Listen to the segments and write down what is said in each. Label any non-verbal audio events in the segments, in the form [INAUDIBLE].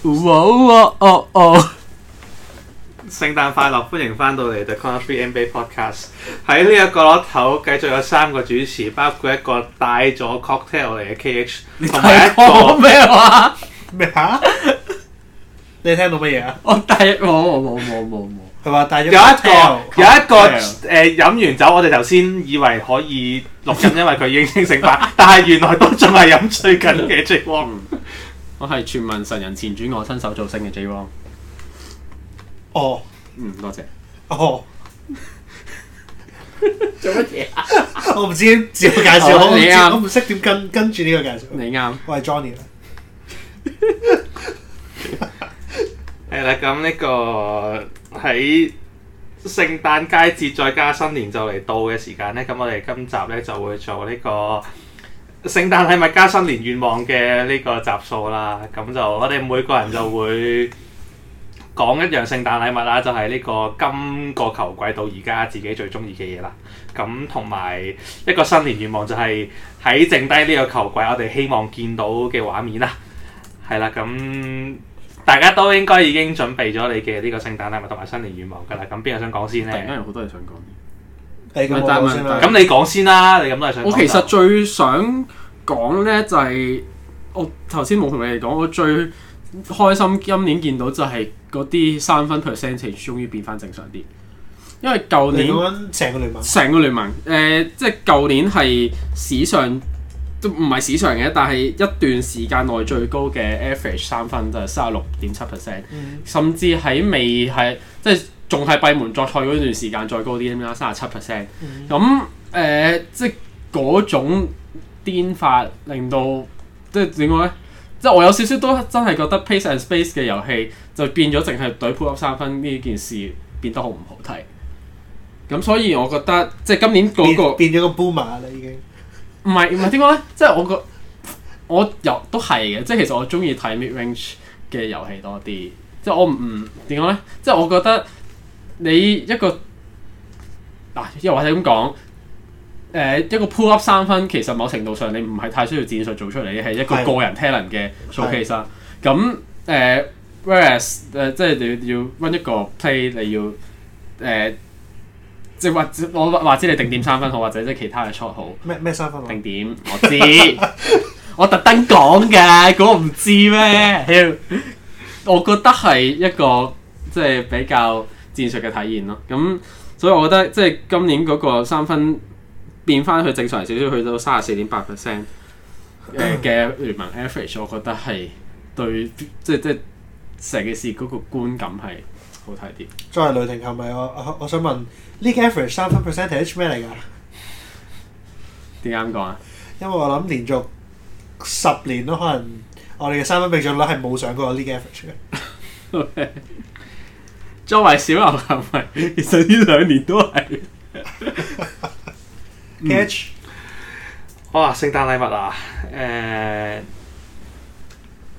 好哦聖、哦、誕快樂，歡迎翻到嚟 The Corner Three NBA Podcast。喺呢一個頭，繼續有三個主持，包括一個帶咗 cocktail 嚟嘅 KH，同埋一個咩話咩吓？你，啊、 [LAUGHS] 你聽到乜嘢啊？ [LAUGHS] 我帶我冇冇冇冇冇，佢話帶咗有一個有一個誒飲完酒，我哋頭先以為可以錄緊，因為佢已經食食飯， [LAUGHS] 但係原來都仲係飲最近嘅 j o [LAUGHS] 我係全民神人前傳，我親手造星嘅 J 王。哦，oh. 嗯，多謝。哦，oh. [LAUGHS] [LAUGHS] 做乜嘢啊？ [LAUGHS] 我唔知自己，自我介紹。好唔、啊、知，我唔識點跟跟住呢個介紹。你啱、啊。我係 Johnny。誒， [LAUGHS] [LAUGHS] 嗱、這個，咁呢個喺聖誕佳節再加新年就嚟到嘅時間咧，咁我哋今集咧就會做呢、這個。聖誕禮物加新年願望嘅呢個集數啦，咁就我哋每個人就會講一樣聖誕禮物啦，就係呢個今個球季到而家自己最中意嘅嘢啦。咁同埋一個新年願望就係喺剩低呢個球季，我哋希望見到嘅畫面啦。係啦，咁大家都應該已經準備咗你嘅呢個聖誕禮物同埋新年願望噶啦。咁邊個想講先呢？突然間有好多嘢想講。咁，你講先啦！你咁都係想我，其實最想講咧、就是，就係我頭先冇同你哋講，我最開心今年見到就係嗰啲三分 percentage 終於變翻正常啲，因為舊年成個聯盟，成個聯盟誒、嗯呃，即係舊年係史上都唔係史上嘅，但係一段時間內最高嘅 average 三分就係三十六點七 percent，甚至喺未係即係。嗯仲係閉門作賽嗰段時間再高啲咁樣，三十七 percent。咁誒、嗯呃，即係嗰種顛法令到即係點講咧？即係我有少少都真係覺得 pace and space 嘅遊戲就變咗，淨係懟 pull up 三分呢件事變得好唔好睇。咁所以我覺得即係今年嗰、那個變咗個 boomer 啦，已經。唔係唔係點講咧？呢 [LAUGHS] 即係我個我又都係嘅。即係其實我中意睇 mid range 嘅遊戲多啲。即係我唔點講咧？即係我覺得。你一個嗱，又、啊、或者咁講，誒、呃、一個 pull up 三分，其實某程度上你唔係太需要戰術做出嚟，嘅，係一個個人 talent 嘅 showcase 咁誒，whereas 誒，即係你，你要揾一個 play，你要誒、呃，即係話我話知你定點三分好，或者即係其他嘅 shot 好。咩咩三分好？定點，我知， [LAUGHS] [LAUGHS] 我特登講嘅，我唔知咩？我覺得係一個即係比較。戰術嘅體驗咯，咁所以我覺得即係今年嗰個三分變翻去正常少少，去到三十四點八 percent 嘅聯盟 average，我覺得係對即即成件事嗰個觀感係好睇啲。作為雷霆球迷，我我想問 league average 三分 percentage 咩嚟㗎？點解咁講啊？因為我諗連續十年都可能我哋嘅三分命中率係冇上過 league average 嘅。 [LAUGHS] okay. 作為小牛球迷，其實呢兩年都係 Catch 哇！聖誕禮物啊，誒，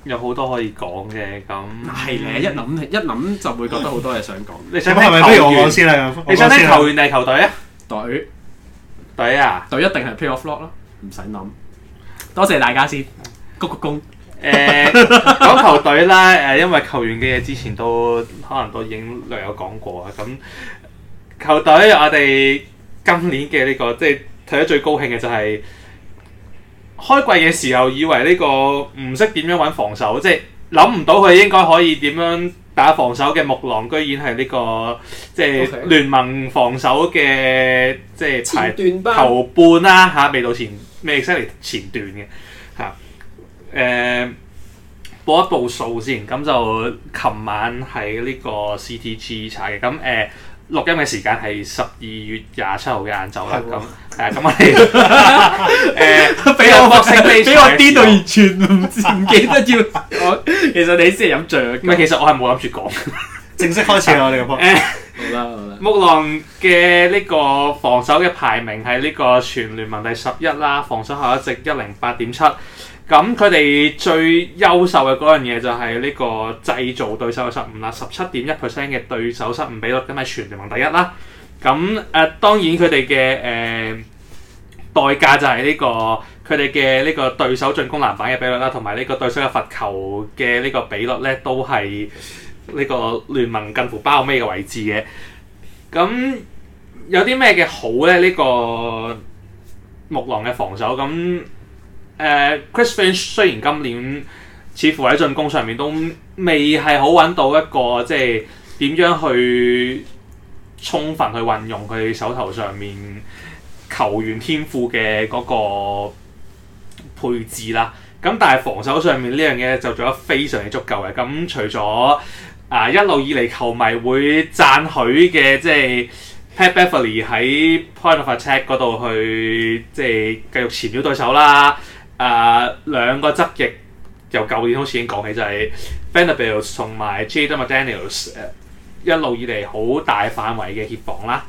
有好多可以講嘅咁。係咧，一諗一諗就會覺得好多嘢想講。你想聽球員、你想聽球員定球隊啊？隊隊啊？隊一定係 Pick off lock 咯，唔使諗。多謝大家先，鞠鞠躬。誒，講、 [LAUGHS] 欸、球隊啦，誒、呃，因為球員嘅嘢之前都可能都已經略有講過啊。咁球隊，我哋今年嘅呢、這個，即係睇得最高興嘅就係、是、開季嘅時候，以為呢、這個唔識點樣揾防守，即係諗唔到佢應該可以點樣打防守嘅木狼，居然係呢、這個即係聯 Okay. 盟防守嘅即係前後半啦嚇、啊，未到前咩先嚟前段嘅。誒，報、uh, 一報數先，咁就琴晚喺呢個 CTG 查嘅，咁誒、嗯呃、錄音嘅時間係十二月廿七號嘅晏晝啦，咁誒咁我誒俾我俾我癲到完全唔唔記得要，其實你先係飲醉，唔其實我係冇諗住講，正式開始我哋嘅播。好啦好啦，木狼嘅呢個防守嘅排名係呢個全聯盟第十一啦，防守效率值一零八點七。咁佢哋最優秀嘅嗰樣嘢就係呢個製造對手嘅失誤啦，十七點一 percent 嘅對手失誤比率咁係全聯盟第一啦。咁誒、呃、當然佢哋嘅誒代價就係呢、呢個佢哋嘅呢個對手進攻籃板嘅比率啦，同埋呢個對手嘅罰球嘅呢個比率咧都係呢個聯盟近乎包尾嘅位置嘅。咁有啲咩嘅好咧？呢、呢個木狼嘅防守咁。誒、uh，Chris Finch 雖然今年似乎喺進攻上面都未係好揾到一個即係點樣去充分去運用佢手頭上面球員天賦嘅嗰個配置啦，咁但係防守上面呢樣嘢就做得非常之足夠嘅。咁除咗啊一路以嚟球迷會讚許嘅，即係 Pat Beverly 喺 Point of Attack 嗰度去即係繼續纏繞對手啦。啊、呃！兩個側翼由舊年開始已經講起，就係、是、Vanderbilt 同埋 Jaden McDaniels，、呃、一路以嚟好大範圍嘅協防啦。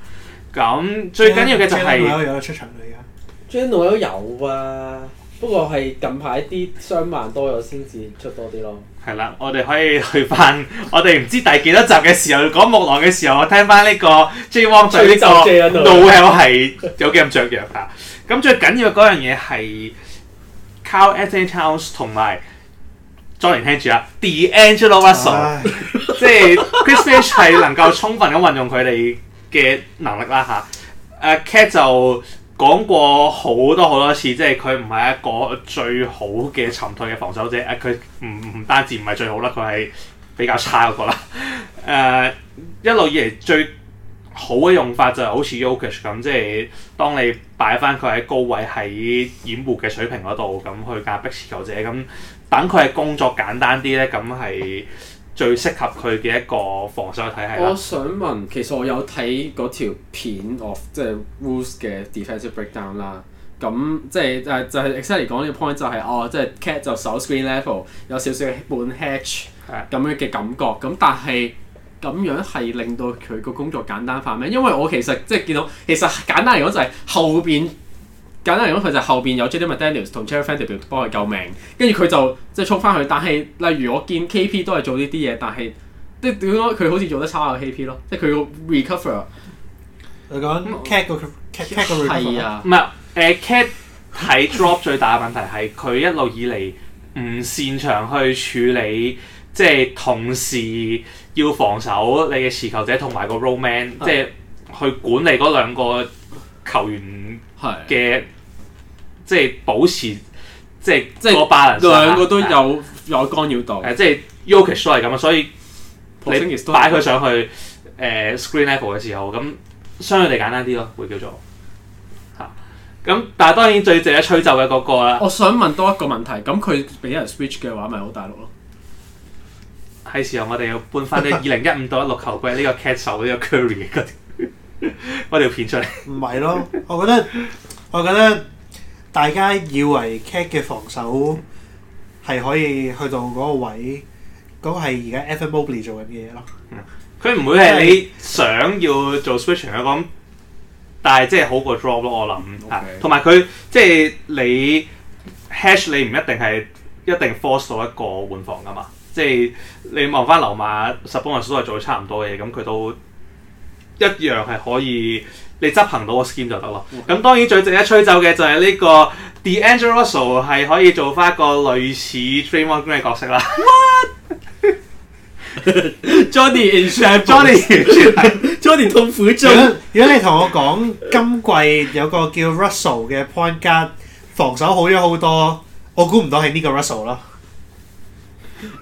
咁、嗯、最緊要嘅就係、是、j a 有出場嚟噶 j a n e l l 有啊，不過係近排啲雙盲多咗，先至出多啲咯。係啦，我哋可以去翻，我哋唔知第幾多集嘅時候講木狼嘅時候，我聽翻呢個 Jewel，Janelle、這個、係有幾咁、這個、 [LAUGHS] 著樣啊？咁最緊要嗰樣嘢係。Karl-Anthony Towns 同埋莊連聽住啊 D'Angelo Rus、哎、sel [LAUGHS] l 即係 Chris Finch 係能夠充分咁運用佢哋嘅能力啦，吓誒、啊、KAT 就講過好多好多次，即係佢唔係一個最好嘅沉退嘅防守者。誒佢唔唔單止唔係最好啦，佢係比較差嗰個啦。誒、啊、一路以嚟最。好嘅用法就係好似 Yokish 咁，即係當你擺翻佢喺高位喺掩護嘅水平嗰度，咁去壓逼持球者，咁等佢嘅工作簡單啲咧，咁係最適合佢嘅一個防守體系。我想問，其實我有睇嗰條片，我即係 Wolves 嘅 defensive breakdown 啦。咁即係誒，就係、是、exactly 講呢個 point 就係、是、哦，即係 cat 就守 screen level 有少少半 hedge 咁樣嘅感覺。咁的但係。咁樣係令到佢個工作簡單化咩？因為我其實即係見到，其實簡單嚟講就係後邊簡單嚟講，佢就後邊有 Jaden McDaniels 同 Jarred Vanderbilt 幫佢救命，跟住佢就即係衝翻去。但係例如我見 KP 都係做呢啲嘢，但係即係點講佢好似做得差過 KP 咯，即係佢個 recover 佢講係啊，唔係 uh, cat 個係 drop 最大嘅問題係佢一路以嚟唔擅長去處理，即係同時。要防守你嘅持球者同埋個 roll man，嗯、即係去管理嗰兩個球員，係嘅，嗯，即係保持即係即係個 balance，兩個都有，啊、有干擾到。誒、啊，即係 Jokic 係咁啊，所以你擺佢上去誒、呃、screen level 嘅時候，咁相對地簡單啲咯，會叫做吓。咁，啊、但係當然最值得吹奏嘅，嗰個啊。我想問多一個問題，咁佢俾人 switch 嘅話，咪好大陸咯？係時候， [LAUGHS] 我哋要搬翻啲二零一五到一六球季呢個 cat 手，SO，呢個 curry 嗰 [LAUGHS] 條片出嚟。唔係咯，我覺得我覺得大家以為 cat 嘅防守係可以去到嗰個位，嗰、嗰個係而家 Evan Mobley 做緊嘅嘢咯。佢唔、嗯、會係你想要做 switching 嘅咁，但係即係好過 drop 咯。我諗同埋佢即係你 hash 你唔一定係一定 force 到一個換防噶嘛。即係你望翻流馬，十邦 Russell 係做差唔多嘅嘢，咁佢都一樣係可以你執行到個 scheme 就得咯。咁當然最值得吹走嘅就係呢個 D'Angelo Russell 係可以做翻一個類似 Draymond Green 嘅角色啦。What Johnny in trouble？Johnny 痛苦中。如果你同我講今季有個叫 Russell 嘅 point guard 防守好咗好多，我估唔到係呢個 Russell 咯。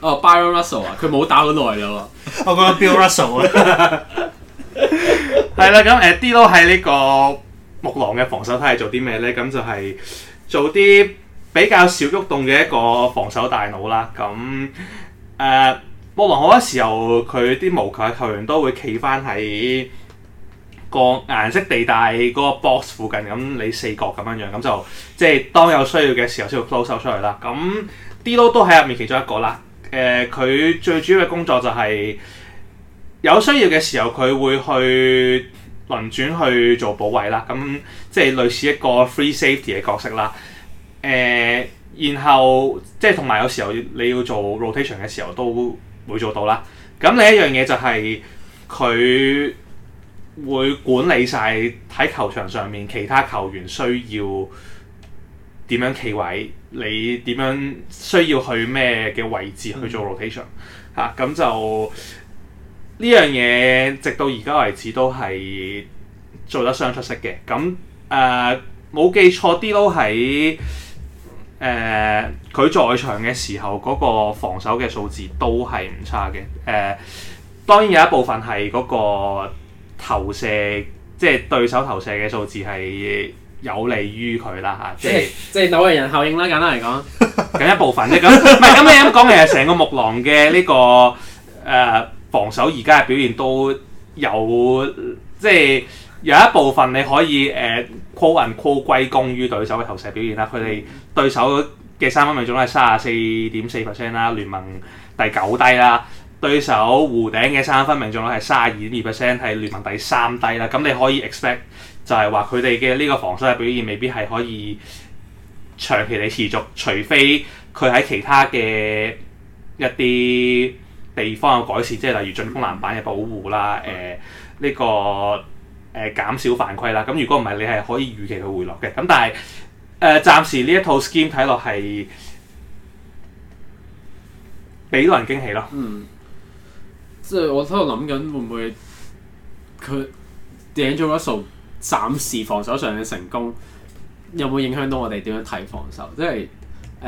哦、oh，Bryan Russell 啊，佢冇打好耐啦喎，我覺得 Bill Russell 啊，係啦，咁誒，D-Lo 喺呢個木狼嘅防守體系做啲咩咧？咁就係做啲比較少喐動嘅一個防守大腦啦。咁誒、呃，木狼好多時候佢啲無球嘅球員都會企翻喺個顏色地帶個 box 附近，咁你四角咁樣樣，咁就即係當有需要嘅時候先會 close out 出去啦。咁 D-Lo 都喺入面其中一個啦。誒，佢、呃、最主要嘅工作就係有需要嘅時候，佢會去輪轉去做補位啦。咁即係類似一個 free safety 嘅角色啦。誒、呃，然後即係同埋有時候你要做 rotation 嘅時候，都會做到啦。咁另一樣嘢就係佢會管理晒喺球場上面其他球員需要點樣企位。你點樣需要去咩嘅位置去做 rotation 嚇咁、嗯啊、就呢樣嘢、這個、直到而家為止都係做得相出色嘅。咁誒，冇記錯啲都喺，誒佢在場嘅時候，嗰、那個防守嘅數字都係唔差嘅。誒、呃、當然有一部分係嗰個投射，即、就、係、是、對手投射嘅數字係。有利於佢啦嚇，即係即係紐約人效應啦，簡單嚟講，僅一部分啫。咁唔係咁你咁講，其實成個木狼嘅呢個誒防守而家嘅表現都有，即係有一部分你可以誒 quote unquote 歸功於對手嘅投射表現啦。佢哋對手嘅三分命中率係三十四點四 percent 啦，聯盟第九低啦。對手湖頂嘅三分命中率係三十二點二 percent，係聯盟第三低啦。咁你可以 expect。就係話佢哋嘅呢個防守嘅表現未必係可以長期地持續，除非佢喺其他嘅一啲地方有改善，即係例如進攻籃板嘅保護啦，誒呢、嗯呃呢個誒、呃、減少犯規啦。咁如果唔係，你係可以預期佢回落嘅。咁但係誒、呃，暫時呢一套 scheme 睇落係俾到人驚喜咯。嗯，即係我喺度諗緊會唔會佢掟咗一數。暫時防守上嘅成功有冇影響到我哋點樣睇防守？即係誒，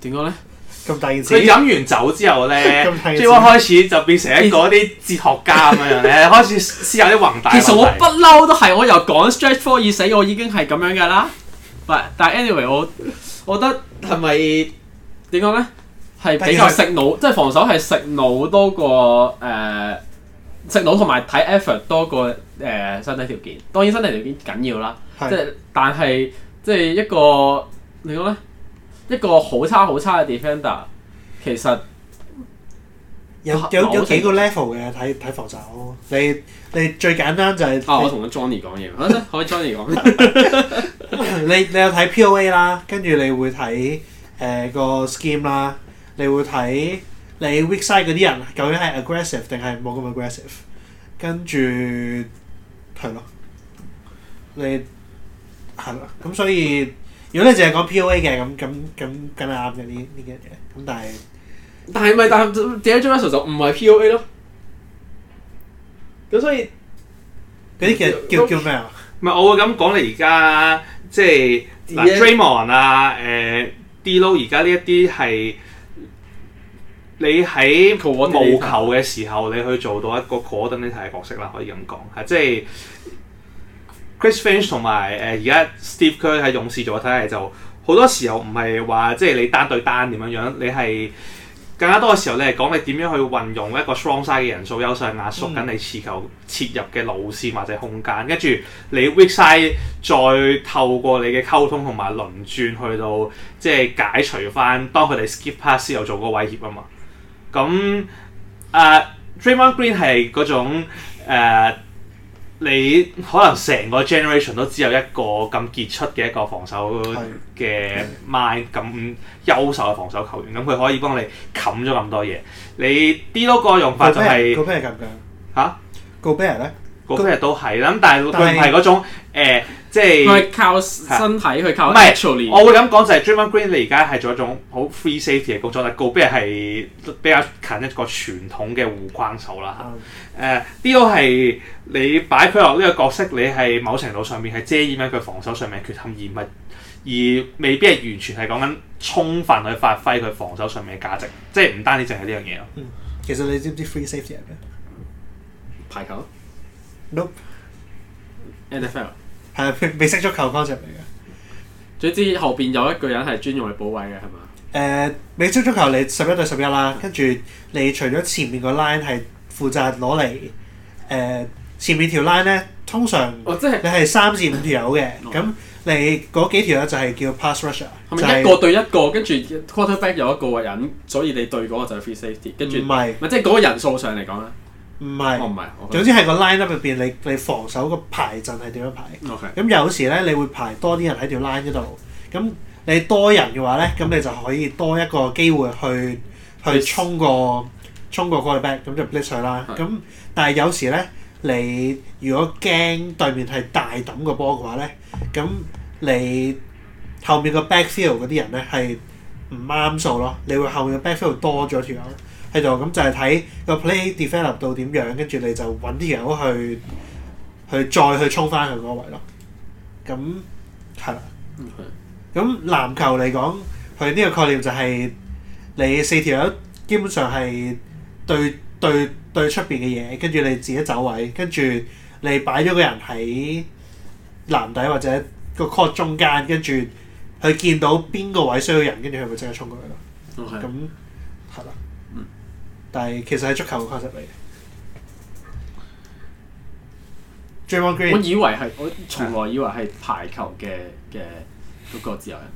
點講咧？咁大件事。佢飲完酒之後咧，即係一開始就變成一個啲哲學家咁樣咧， [LAUGHS] 開始思有啲宏大。其實我不嬲都係，我又講 stretch four 已死，我已經係咁樣嘅啦。唔但係 anyway，我，我覺得係咪點講咧？係比較食腦，即係 [LAUGHS] 防守係食腦多過誒。呃食腦同埋睇 effort 多過誒、呃、身體條件，當然身體條件緊要啦。是即係，但係即係一個你講咧？一個好差好差嘅 defender，其實有有有，有幾個 level 嘅睇睇複雜，你你最簡單就係我同咗 Johnny 講嘢，好啊，可以 Johnny 講，你 John 你有睇 POA 啦，跟住你會睇誒、呃那個 scheme 啦，你會睇。你 weak side 嗰啲人究竟係 aggressive 定係冇咁 aggressive？跟住係咯，你係咯，咁所以如果你淨係講 POA 嘅，咁咁咁梗係啱嘅呢呢樣嘢。咁但係但係咪？但 Jameson 就唔係 POA 咯。咁所以嗰啲叫叫叫咩啊？唔係我會咁講，你而家即係嗱 Draymond 啊，誒 D-Lo 而家呢一啲係。你喺冇球嘅時候，你去做到一個 g 等 a r d 角色啦，可以咁講，係即係 Chris Finch 同埋誒而家 Steve 區喺勇士做嘅睇係，就好多時候唔係話即係你單對單點樣樣，你係更加多嘅時候，你係講你點樣去運用一個雙 t side 嘅人數優勢壓縮緊你持球切入嘅路線或者空間，跟住、嗯、你 weak side 再透過你嘅溝通同埋輪轉去到即係解除翻當佢哋 skip pass 又做個威脅啊嘛～咁啊 Draymond Green 係嗰種、呃、你可能成個 generation 都只有一個咁傑出嘅一個防守嘅 man 咁優秀嘅防守球員，咁佢可以幫你冚咗咁多嘢。你啲嗰個用法就係、是，嚇，Gobert 咧 Gobert 都係啦，但係佢唔係嗰種但、呃即係靠身體去、啊、靠是。唔係，我會咁講就係、是、Draymond Green，你而家係做一種好 free safety 嘅工作，但係未必係比較近一個傳統嘅護框手啦。誒、呃，啲、嗯、都係你擺佢落呢個角色，你係某程度上面係遮掩緊佢防守上面嘅缺陷，而唔係而未必係完全係講緊充分去發揮佢防守上面嘅價值。即係唔單止淨係呢樣嘢咯、嗯。其實你知唔知 free safety 係、啊、咩？排球？Nope。N.F.L. 係、啊，美式足球嗰隻嚟嘅。總之後邊有一個人係專用嚟補位嘅，係嘛？誒、呃，美式足球你十一對十一啦，跟住、嗯、你除咗前面個 line 係負責攞嚟，誒、呃、前面條 line 咧通常哦，哦即係你係三至五條友嘅，咁你嗰幾條咧就係叫 pass rusher，係咪一個對一個？就是、跟住 quarterback 有一個人，所以你對嗰個就係 free safety，跟住唔係唔係即係嗰個人數上嚟講啦。唔係，哦 okay. 總之係個 line 入邊，你你防守個排陣係點樣排？咁 Okay. 有時咧，你會排多啲人喺條 line 嗰度。咁你多人嘅話咧，咁你就可以多一個機會去去衝過衝過個衝個 back，咁就 break 水啦。咁係但係有時咧，你如果驚對面係大揼個波嘅話咧，咁你後面個 back field 嗰啲人咧係唔啱數咯。你會後面嘅 back field 多咗條。喺度，咁就係睇個 play develop 到點樣，跟住你就揾啲人去去再去衝翻佢嗰位咯。咁係啦。嗯。咁 Okay. 籃球嚟講，佢呢個概念就係、係、你四條友基本上係對對對出邊嘅嘢，跟住你自己走位，跟住你擺咗個人喺籃底或者個 court 中間，跟住佢見到邊個位需要人，跟住佢咪即刻衝過去咯。哦 Okay.，係。咁。但係其實係足球嘅款式嚟嘅。Jameon Green 我以為係我從來以為係排球嘅嘅嗰個自由人。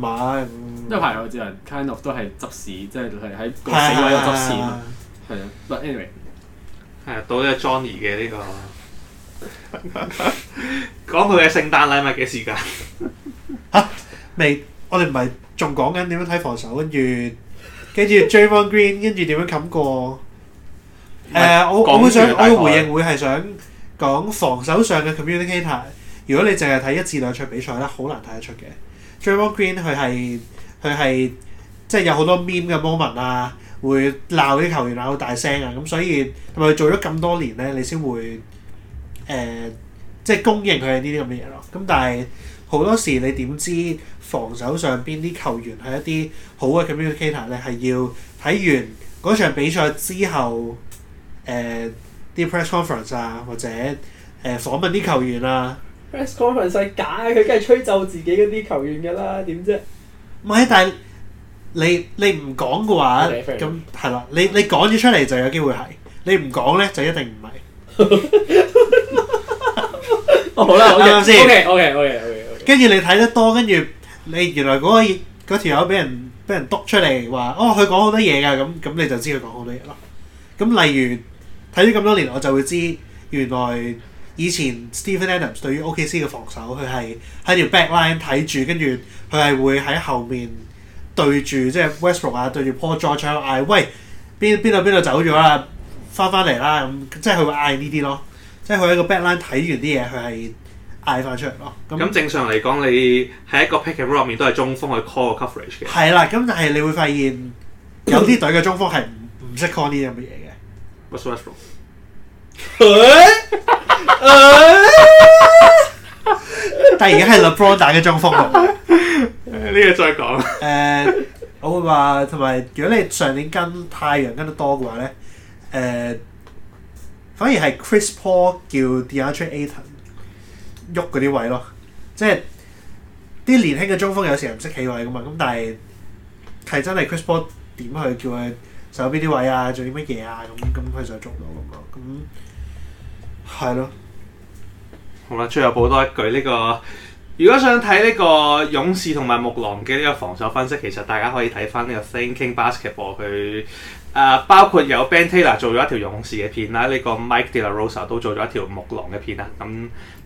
唔係、啊，嗯、因為排球自由人 Kind of，都係執屎，即係係喺個死位度執屎啊！係啊，But anyway，係啊，到咗 Johnny 嘅呢個 [LAUGHS] 講佢嘅聖誕禮物嘅時間嚇 [LAUGHS] 未？我哋唔係仲講緊點樣睇防守、啊，跟住。跟住 Draymond Green 跟住點樣冚過？誒、呃，我我會想我嘅回應會係想講防守上嘅 communication 如果你淨係睇一至兩場比賽咧，好難睇得出嘅。Draymond Green 佢係佢係即係有好多 mean 嘅 moment 啊，會鬧啲球員鬧到大聲啊，咁所以同埋做咗咁多年咧，你先會誒、呃、即係公認佢係呢啲咁嘅嘢咯。咁但係。好多時你點知防守上邊啲球員係一啲好嘅 communicator 咧？係要睇完嗰場比賽之後，誒、呃、啲 press conference 啊，或者誒、呃、訪問啲球員啊。press conference 係假嘅，佢梗係吹奏自己嗰啲球員㗎啦，點啫？唔係，但係你你唔講嘅話，咁係啦。你你講咗出嚟就有機會係，你唔講咧就一定唔係。 [LAUGHS] [LAUGHS] 好啦吧，啱唔啱先？OK，OK，OK，OK。跟住你睇得多，跟住你原來嗰條友俾人俾人篤出嚟，話哦，佢講好多嘢噶，咁、嗯、咁、嗯、你就知佢講好多嘢咯。咁、嗯、例如睇咗咁多年，我就會知原來以前 Steven Adams 對於 OKC、OK、嘅防守，佢係喺條 back line 睇住，跟住佢係會喺後面對住即係 Westbrook 啊，對住 Paul George 喺度嗌喂邊邊度邊度走咗啦，返返嚟啦咁，即係佢會嗌呢啲咯。即係佢喺個 back line 睇完啲嘢，佢係。派翻出嚟咯。咁、哦、正常嚟講，你喺一個 pick and roll 入面都係中鋒去 call 個 coverage 嘅。係啦、嗯，咁但係你會發現有啲隊嘅中鋒係唔識 call 呢樣嘢嘅。What's worse from？ [LAUGHS] [LAUGHS] 但係而家係 LeBron 打嘅中鋒啊！呢個再講。誒，我會話同埋，如果你上年跟太陽跟得多嘅話咧，誒、呃，反而係 Chris Paul 叫 DeAndre Ayton 喐嗰啲位咯，即係啲年輕嘅中鋒有時又唔識企位噶嘛，咁但係係真係 Chris Paul 點去叫佢守邊啲位啊，做啲乜嘢啊，咁咁佢就捉到噶嘛，咁係咯。好啦，最後補多一句呢、呢個，如果想睇呢個勇士同埋木狼嘅呢個防守分析，其實大家可以睇翻呢個 Thinking Basketball 佢誒、呃，包括有 Ben Taylor 做咗一條勇士嘅片啦，呢、呢個 Mike De La Rosa 都做咗一條木狼嘅片啦，咁。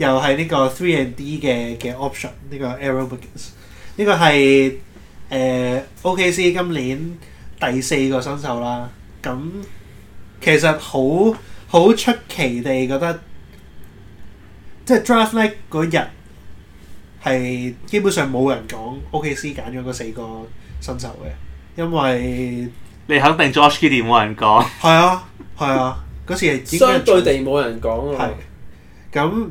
又係呢個 three and D 嘅嘅 option，呢個 Aaron Wiggins 呢個係誒 OKC 今年第四個新秀啦。咁其實好好出奇地覺得，即係 draft 咧嗰日係基本上冇人講 OKC 揀咗嗰四個新秀嘅，因為你肯定 Josh Giddey 冇人講，係啊，係啊嗰時相對地冇人講喎。咁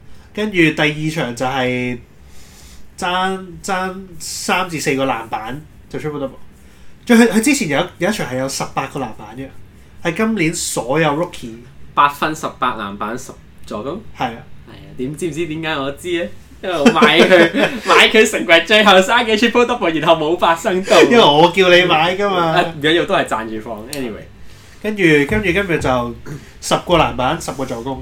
跟住第二場就係爭爭三至四個籃板就 Triple Double，最佢佢之前有一有一場係有十八個籃板嘅，係今年所有 Rookie 八分十八籃板十助攻，係啊，係啊、哎，點知唔知點解我知咧？因為我買佢 [LAUGHS] 買佢成為最後三嘅 Triple Double，然後冇發生到， [LAUGHS] 因為我叫你買噶嘛，兩樣、 [LAUGHS] 啊、都係賺住放。anyway，跟住跟住跟住就十個籃板十個助攻。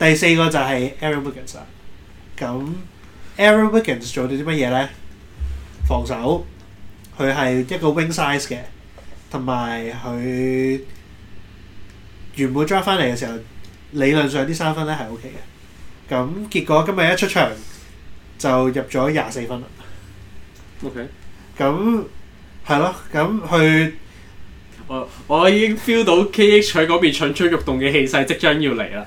第四個就係 Aaron Wiggins 啦，咁 Aaron Wiggins 做咗啲乜嘢咧？防守，佢係一個 wing size 嘅，同埋佢原本 draft 翻嚟嘅時候，理論上啲三分咧係 OK 嘅。咁結果今日一出場就入咗廿四分啦。OK，咁係咯，咁佢我我已經 feel 到 KH 嗰邊蠢蠢欲動嘅氣勢即將要嚟啦。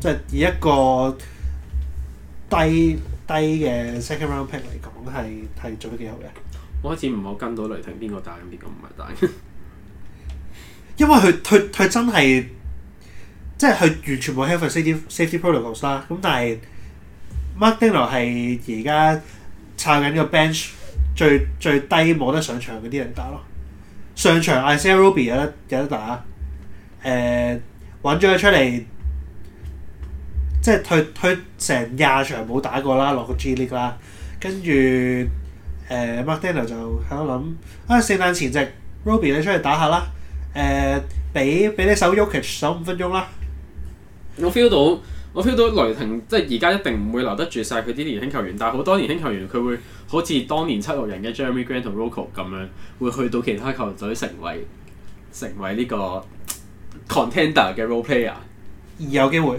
即係以一個低低嘅 second round pick 嚟講，係係做得幾好嘅。我開始唔好跟到雷霆邊個打，咁邊個唔係打。打 [LAUGHS] 因為佢佢佢真係即係佢完全冇 health and safety safety protocol 啦。咁但係 Markingo 係而家撐緊呢個 bench 最最低冇得上場嗰啲人打咯。上場 Isaiah Roby 有得有得打。誒、呃，揾咗佢出嚟。即係佢退成廿場冇打過啦，落個 G League 啦，跟住誒 McDaniel 就喺度諗啊，聖誕前夕 Roby 你出嚟打下啦，誒俾俾你手 u k 手五分鐘啦。我 feel 到我 feel 到雷霆即係而家一定唔會留得住晒佢啲年輕球員，但係好多年輕球員佢會好似當年七六人嘅 Jeremy Grant 同 RoCo 咁樣，會去到其他球隊成為成為呢個 contender 嘅 role player，而有機會。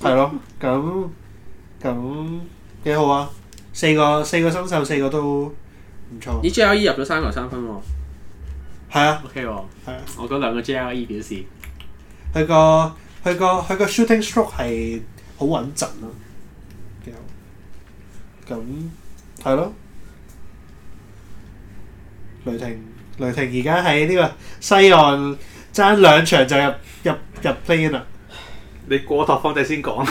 係咯，咁咁幾好啊！四個四個新秀，四個都唔錯。咦 J R E 入咗三個三分喎，係啊，O K 喎，係啊，我嗰兩個 J R E 表示，佢個佢個佢個 shooting stroke 係、啊、好穩陣咯，幾好，咁係咯，雷霆雷霆而家喺呢個西岸。爭兩場就入入入 play-in 啦！你過拓荒者先講，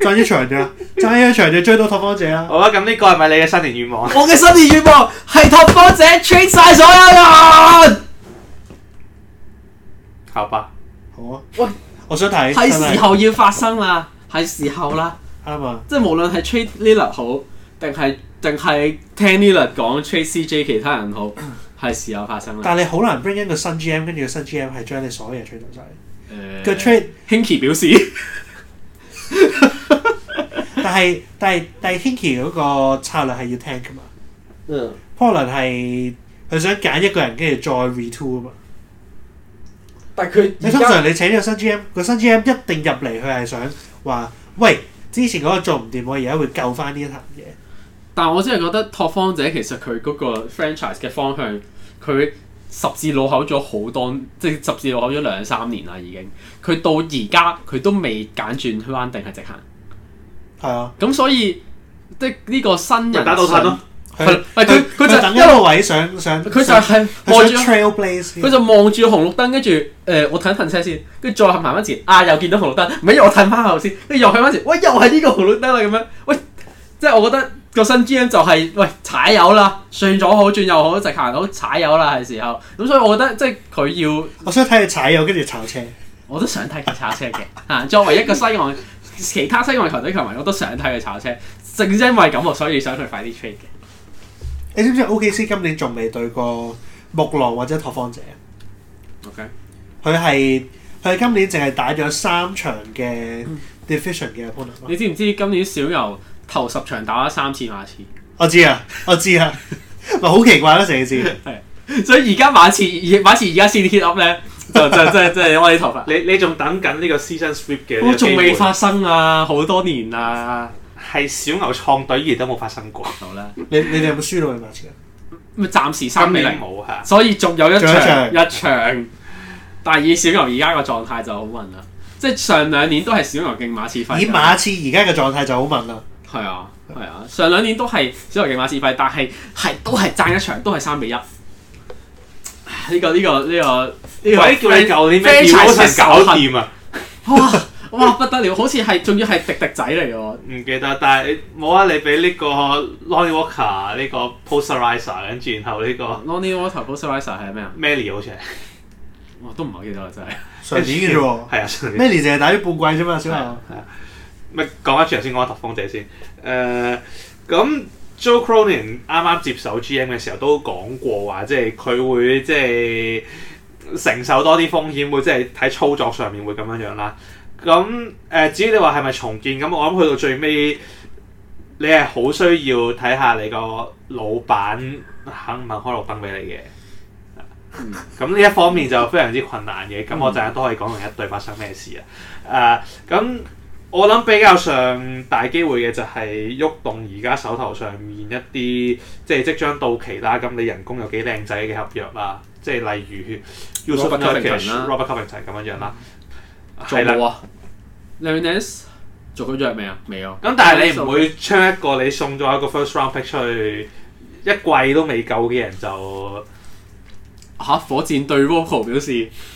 爭一場咋？爭一場就追到拓荒者啊！好啊，咁呢個係咪你嘅新年願望？我嘅新年願望係拓荒者 trade 晒所有人。好吧，好啊吧。喂哇，我想睇，係時候要發生啦，係時候啦。啱啊吧，即係無論係 trade Lillard 好，定係定係聽 Lillard 講 trade CJ 其他人好.。 [COUGHS] 係時有發生，但係你好難 bring 翻個新 GM，跟住個新 GM 係將你所有嘢 trade 晒個 trade、欸。Hinky The trade, 表示 [LAUGHS] 但，但係但係但係 Hinky 嗰個策略係要 tank 噶嘛？嗯 Poland 係佢想揀一個人，跟住再 retool 啊嘛。但係佢，你通常你請呢個新 GM，個新 GM 一定入嚟，佢係想話，喂，之前嗰個做唔掂，我而家會救翻呢一壇嘢。但係我真係覺得拓荒者其實佢嗰個 franchise 嘅方向。佢十字路口咗好多，即係十字路口咗兩三年啦，已經。佢到而家佢都未揀轉彎，定係直行？係啊。咁 [NOISE] 所以即係呢個新人 [NOISE] 打係，係佢佢就係等一路位上，想，佢就係望住。Trailblazer 佢就望住紅綠燈，跟住誒我睇一陣車先，跟住再行翻前，啊又見到紅綠燈，咪又我睇翻後先，跟住又行翻前，喂又係呢個紅綠燈啦咁樣。喂，即係我覺得。個新 GM 就係、是、喂踩油啦，上咗好轉右好，直行到踩油啦，係時候。咁所以，我覺得即係佢要，我想睇佢踩油跟住炒車。我都想睇佢炒車嘅。嚇， [LAUGHS] 作為一個西岸其他西岸球隊球迷，我都想睇佢炒車。正因為咁，我所以想佢快啲 trade 嘅。你知唔知 OKC、OK、今年仲未對過木狼或者拓荒者？OK，佢係佢今年淨係打咗三場嘅 division 嘅 [LAUGHS] 你知唔知今年小牛？頭十場打咗三次馬刺，我知啊，我知啊，咪 [LAUGHS] 好奇怪咯成件事，係 [LAUGHS] ，所以而家馬刺，馬刺而家先 heat up 咧，就就真係真係因為啲頭髮， [LAUGHS] 你你仲等緊呢個 season sweep 嘅，都仲未發生啊，好多年啊，係 [LAUGHS] 小牛創隊而都冇發生過，啊，好啦， [LAUGHS] 你你哋有冇輸到去馬刺啊？咪暫 [LAUGHS] 時三比零冇吓，所以仲有一場有一場，一場 [LAUGHS] 但係以小牛而家個狀態就好混啦，即係上兩年都係小牛勁馬刺，啊，以馬刺而家嘅狀態就好混啦。.係啊，係啊，上兩年都係小頭嘅馬輸費，但係係都係爭一場，都係三比一。呢個呢個呢個，鬼叫你舊年咩？要一場搞掂啊！哇哇，不得了，好似係仲要係迪迪仔嚟喎！唔記得，但係冇啊！你俾呢個 Lonnie Walker 呢個 Posteriser 跟住，然後呢個 Lonnie Walker Posteriser 係咩啊？Melly 好似係，我都唔係好記得啦，真係。上年嘅喎，係啊，Melly 最近打啲半季先嘛，小頭。咪講翻轉頭先講拓荒者先，誒、呃、咁 Joe Cronin 啱啱接手 GM 嘅時候都講過話，即係佢會即係承受多啲風險，會即係喺操作上面會咁樣樣啦。咁、嗯、誒、呃、至於你話係咪重建，咁我諗去到最尾，你係好需要睇下你個老闆肯唔肯開綠燈俾你嘅。咁、啊、呢一方面就非常之困難嘅。咁我陣間都可以講同一隊發生咩事啊。誒、啊、咁。我諗比較上大機會嘅就係喐動而家手頭上面一啲即係即將到期啦，咁你人工又幾靚仔嘅合約啦，即係例如 Robert Covington 啦，Robert Covington 咁樣樣啦，做過。Leviness 做咗約未啊？未啊啦。咁但係你唔會簽一個你送咗一個 first round pick 出去一季都未夠嘅人就嚇、啊、火箭對 Warner 表示。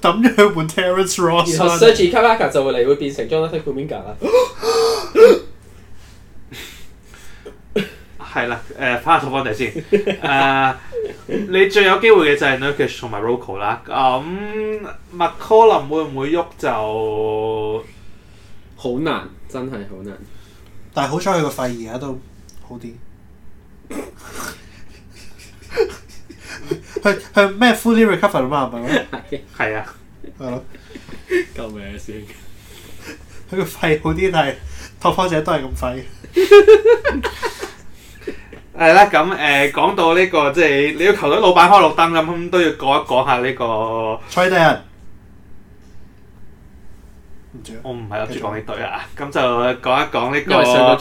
抌咗佢換 Terrence Ross 啦。然後 Serge Ibaka 就嚟會變成 Jonathan Kuminga 啦。係啦，誒，翻下托邦迪先。誒，你最有機會嘅就係 Nurkic 同埋 Roco 啦。咁 McCollum 會唔會喐就好難，真係好難。但係好彩佢個肺而家都好啲。係係咩 full Day recovery 啊嘛，係咪啊？係啊係咯，救命先。佢肺好啲，但係拓荒者都係咁廢。係 [LAUGHS] 啦， [LAUGHS] [LAUGHS] 咁誒講到呢、這個，即係你要求到老闆開綠燈咁，都要講一講下呢、這個。崔登，我唔係諗住講呢隊啊，咁就講一講呢個。嚟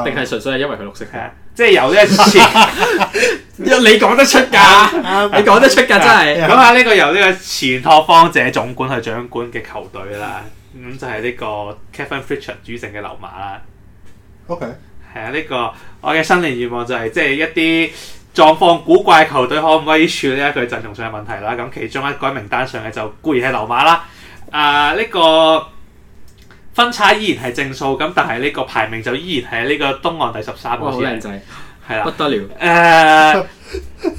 講，定係純粹係因為佢是、啊、綠色。即係由呢一， [LAUGHS] [LAUGHS] 你講得出噶， [LAUGHS] [LAUGHS] 你講得出噶，真係。咁啊，呢個由呢個前拓荒者總管去掌管嘅球隊啦，咁就係呢個 Kevin Pritchard 主政嘅溜馬啦。OK，係啊、 [LAUGHS] 嗯，呢、這個我嘅新年願望就係，即係一啲狀況古怪球隊可唔可以處理一佢陣容上嘅問題啦。咁其中一嗰名單上嘅就固然係溜馬啦。啊，呢、這個。分差依然係正數，咁但係呢個排名就依然係呢個東岸第十三。好靚仔，係啦，的不得了。誒，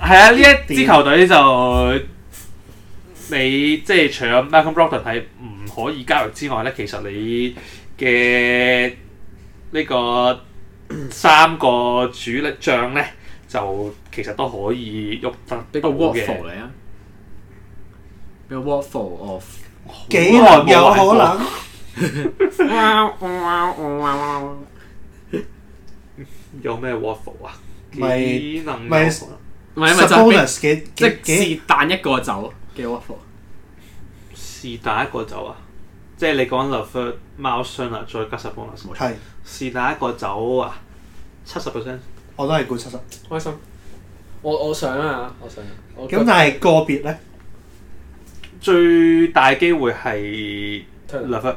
係啊，呢一支球隊就 [LAUGHS] 你即係除咗 Malcolm Brogdon 係唔可以加入之外咧，其實你嘅呢個三個主力將咧，就其實都可以喐翻，俾個 Waffle 嚟啊，俾個 Waffle of 幾耐有可能？ [LAUGHS] [LAUGHS] [LAUGHS] 有咩 waffle 啊？幾能？咪十 bonus 嘅，幾即係是但一個酒，嘅 waffle 是但一個酒啊？即係你講 love 貓箱啊，再加十 bonus。係是但一個酒啊？七十 percent，我都係估七十，開心。我我想啊，我想、啊，咁但係個別咧，最大機會係 love。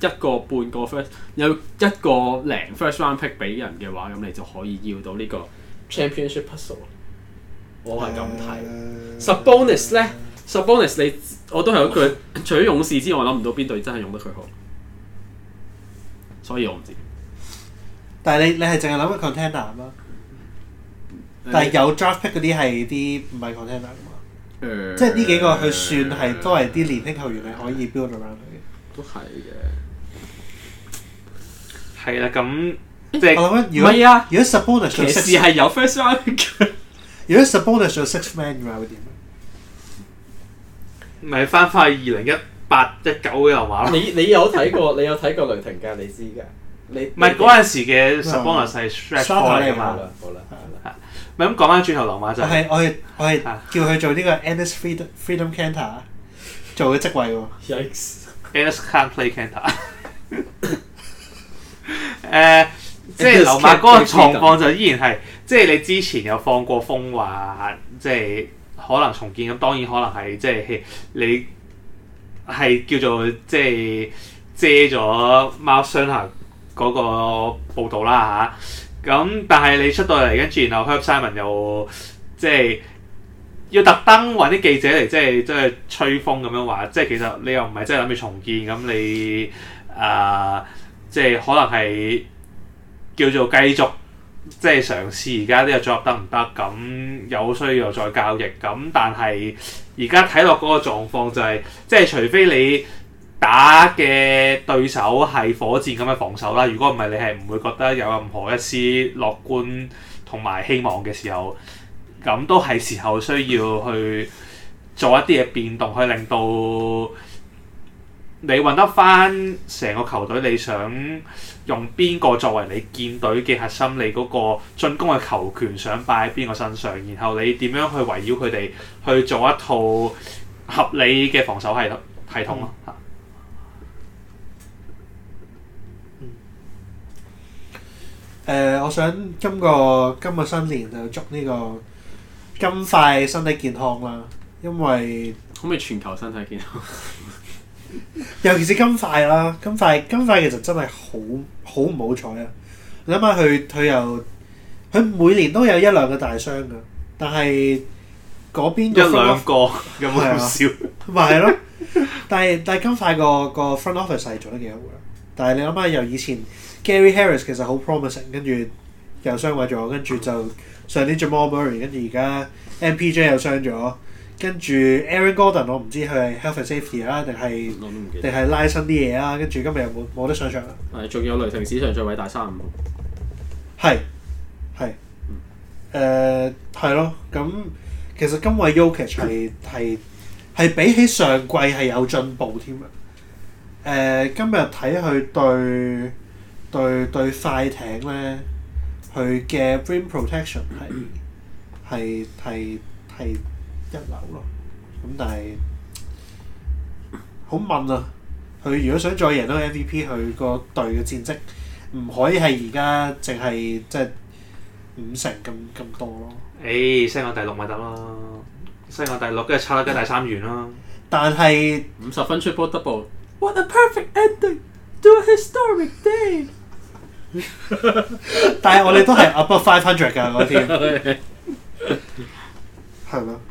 一個半個 first 有一個零 first round pick 俾人嘅話，咁你就可以要到呢個 championship puzzle 我係咁睇。Sub、啊、bonus 咧，sub bonus 你我都係一句，哇除咗勇士之外，我諗唔到邊隊真係用得佢好。所以我唔知。但係你你係淨係諗緊 contender 啊？嗯嗯、但係有 draft pick 嗰啲係啲唔係 contender 啊嘛。誒、嗯，即係呢幾個佢算係都係啲年輕球員係可以 build around 佢嘅。都係嘅。係啦，咁即係啊！如果 supporter 其實係有 first 嘅，如果 supporter 做 six man 嘅話會點？咪翻翻二零一八一九嘅羅馬咯。你你有睇過？你有睇過雷霆㗎？你知㗎？你唔係嗰陣時嘅 supporter 係 Schröder 嚟㗎嘛？好啦，係啦，係啦。唔係咁講，翻轉頭羅馬就係我係我係我係叫佢做呢個 Enes Freedom Freedom Kanter，做嘅職位喎。Yikes，Enes Can't Play Kanter。誒，即係劉馬嗰個狀況就依然係，It s 即係你之前有放過風話，即係可能重建咁，當然可能係即係你係叫做即係遮咗貓箱下嗰個報道啦吓。咁、啊、但係你出到嚟跟住，然後 Herb Simon 又即係要特登揾啲記者嚟，即係即係吹風咁樣話，即係其實你又唔係真係諗住重建咁，你啊。呃即係可能係叫做繼續即係嘗試，而家呢個組合得唔得？咁有需要再交易。咁但係而家睇落嗰個狀況就係、是，即係除非你打嘅對手係火箭咁嘅防守啦，如果唔係，你係唔會覺得有任何一絲樂觀同埋希望嘅時候，咁都係時候需要去做一啲嘅變動，去令到。你揾得翻成個球隊，你想用邊個作為你建隊嘅核心？你嗰個進攻嘅球權想擺喺邊個身上？然後你點樣去圍繞佢哋去做一套合理嘅防守系統系統咯。嗯，嗯、呃。我想今個今個新年就祝呢個金塊身體健康啦，因為可唔可以全球身體健康？ [LAUGHS] 尤其是金塊啦，金塊金塊其實真係好好唔好彩啊！你諗下佢佢又佢每年都有一兩個大傷噶但係嗰邊一兩個咁少，咪係咯？但係但係金塊個個 front office 係做得幾好啊！但係你諗下，由以前 Gary Harris 其實好 promising，跟住又傷壞咗，跟住就上年 Jamal Murray，跟住而家 MPJ 又傷咗。跟住 Aaron Gordon，我唔知佢係 health and safety 啦，啊，定係定係拉伸啲嘢啦。跟住今日冇冇得上場。係，仲有雷霆史上最偉大三五。係，係。誒，係，呃，咯。咁其實今季 Yokich、ok、係係係比起上季係有進步添啊。誒，呃，今日睇佢對對對，對快艇咧，佢嘅 rim protection 係係係係。 [COUGHS] 一流咯，咁但係好問啊！佢如果想再贏到 MVP，佢個隊嘅戰績唔可以係而家淨係即係五成咁咁多咯。誒、欸，西岸第六咪得咯，西岸第六跟住差得加大三元啦、啊。但係五十分出波 double，what a perfect ending，do a historic day [LAUGHS] [LAUGHS] 但。但係我哋都係 above five hundred 噶嗰啲，係咯。 [LAUGHS]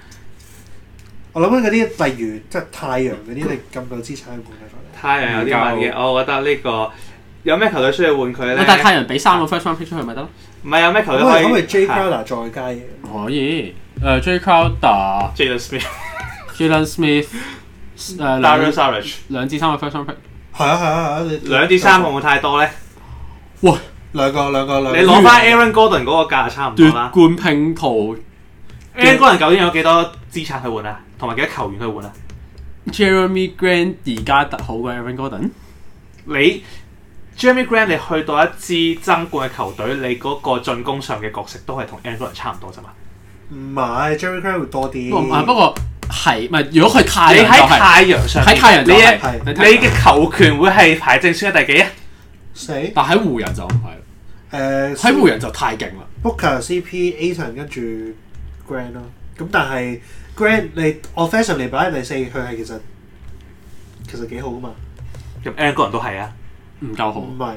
我諗緊嗰啲例如即係太陽嗰啲，你咁夠資產去換佢咧？太陽有啲乜嘢？我覺得呢個有咩球隊需要換佢咧？但太陽俾三個 first round pick 出去咪得咯？唔係有咩球隊可以？咁咪 J. Crowder 再加嘅？可以。誒，J. Crowder、Jalen Smith、Jalen Smith 誒 Aaron Savage 兩至三個 first round pick。係啊，係啊，係啊。兩至三個會唔會太多咧？哇！兩個，兩個，你攞翻 Aaron Gordon 嗰個價差唔多啦。冠拼圖，Aaron Gordon 究竟有幾多資產去換啊？同埋幾多球員去換啊？Jeremy Grant 而家特好嘅。Aaron Gordon？你 Jeremy Grant 你去到一支爭冠嘅球隊，你嗰個進攻上嘅角色都係同 Aaron 差唔多啫嘛？唔係 Jeremy Grant 會多啲。唔係不過係唔係？如果佢太喺、就是、太陽上喺太陽啲、就是、你嘅一球權會係排正選嘅第幾啊？死！但喺湖人就唔係。誒喺湖人就太勁啦。So, Booker、CP、啊、Ayton 跟住 Grant 咯。咁但係。Grant，你我 official 嚟擺喺第四，佢係其實其實幾好啊嘛。Angelo 人都係啊，唔夠好。唔係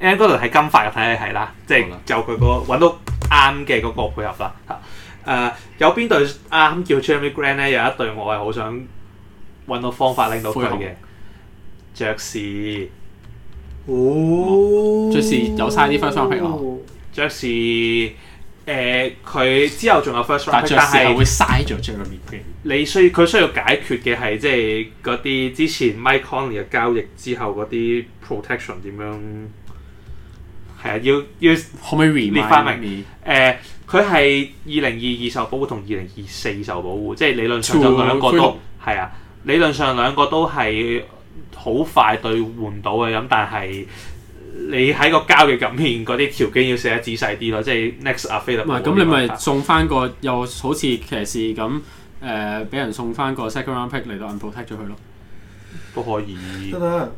，Angelo 係金髮嘅，睇嚟係啦，即係就佢、嗰個揾到啱嘅嗰個配合啦嚇、呃。有邊隊啱、啊、叫 Jerami Grant 咧？有一隊我係好想揾到方法令到佢嘅。爵士，爵士有曬啲分雙劈咯，爵士、哦。誒佢、呃、之後仲有 first round，但係會嘥咗 j o u r，你需佢需要解決嘅係，即係嗰啲之前 Mike Conley 嘅交易之後嗰啲 protection 點樣？係啊，要要可唔可以 remind？佢係二零二二受保護同二零二四受保護，即係理論上就兩個都係 [LAUGHS] 啊。理論上兩個都係好快對換到嘅，咁，但係。你喺個交易入面嗰啲條件要寫得仔細啲咯，即係 next are very 唔係咁，你咪送翻個又好似騎士咁誒，俾、呃、人送翻個 second round pick 嚟到 unprotect 咗佢咯，都可以得啦。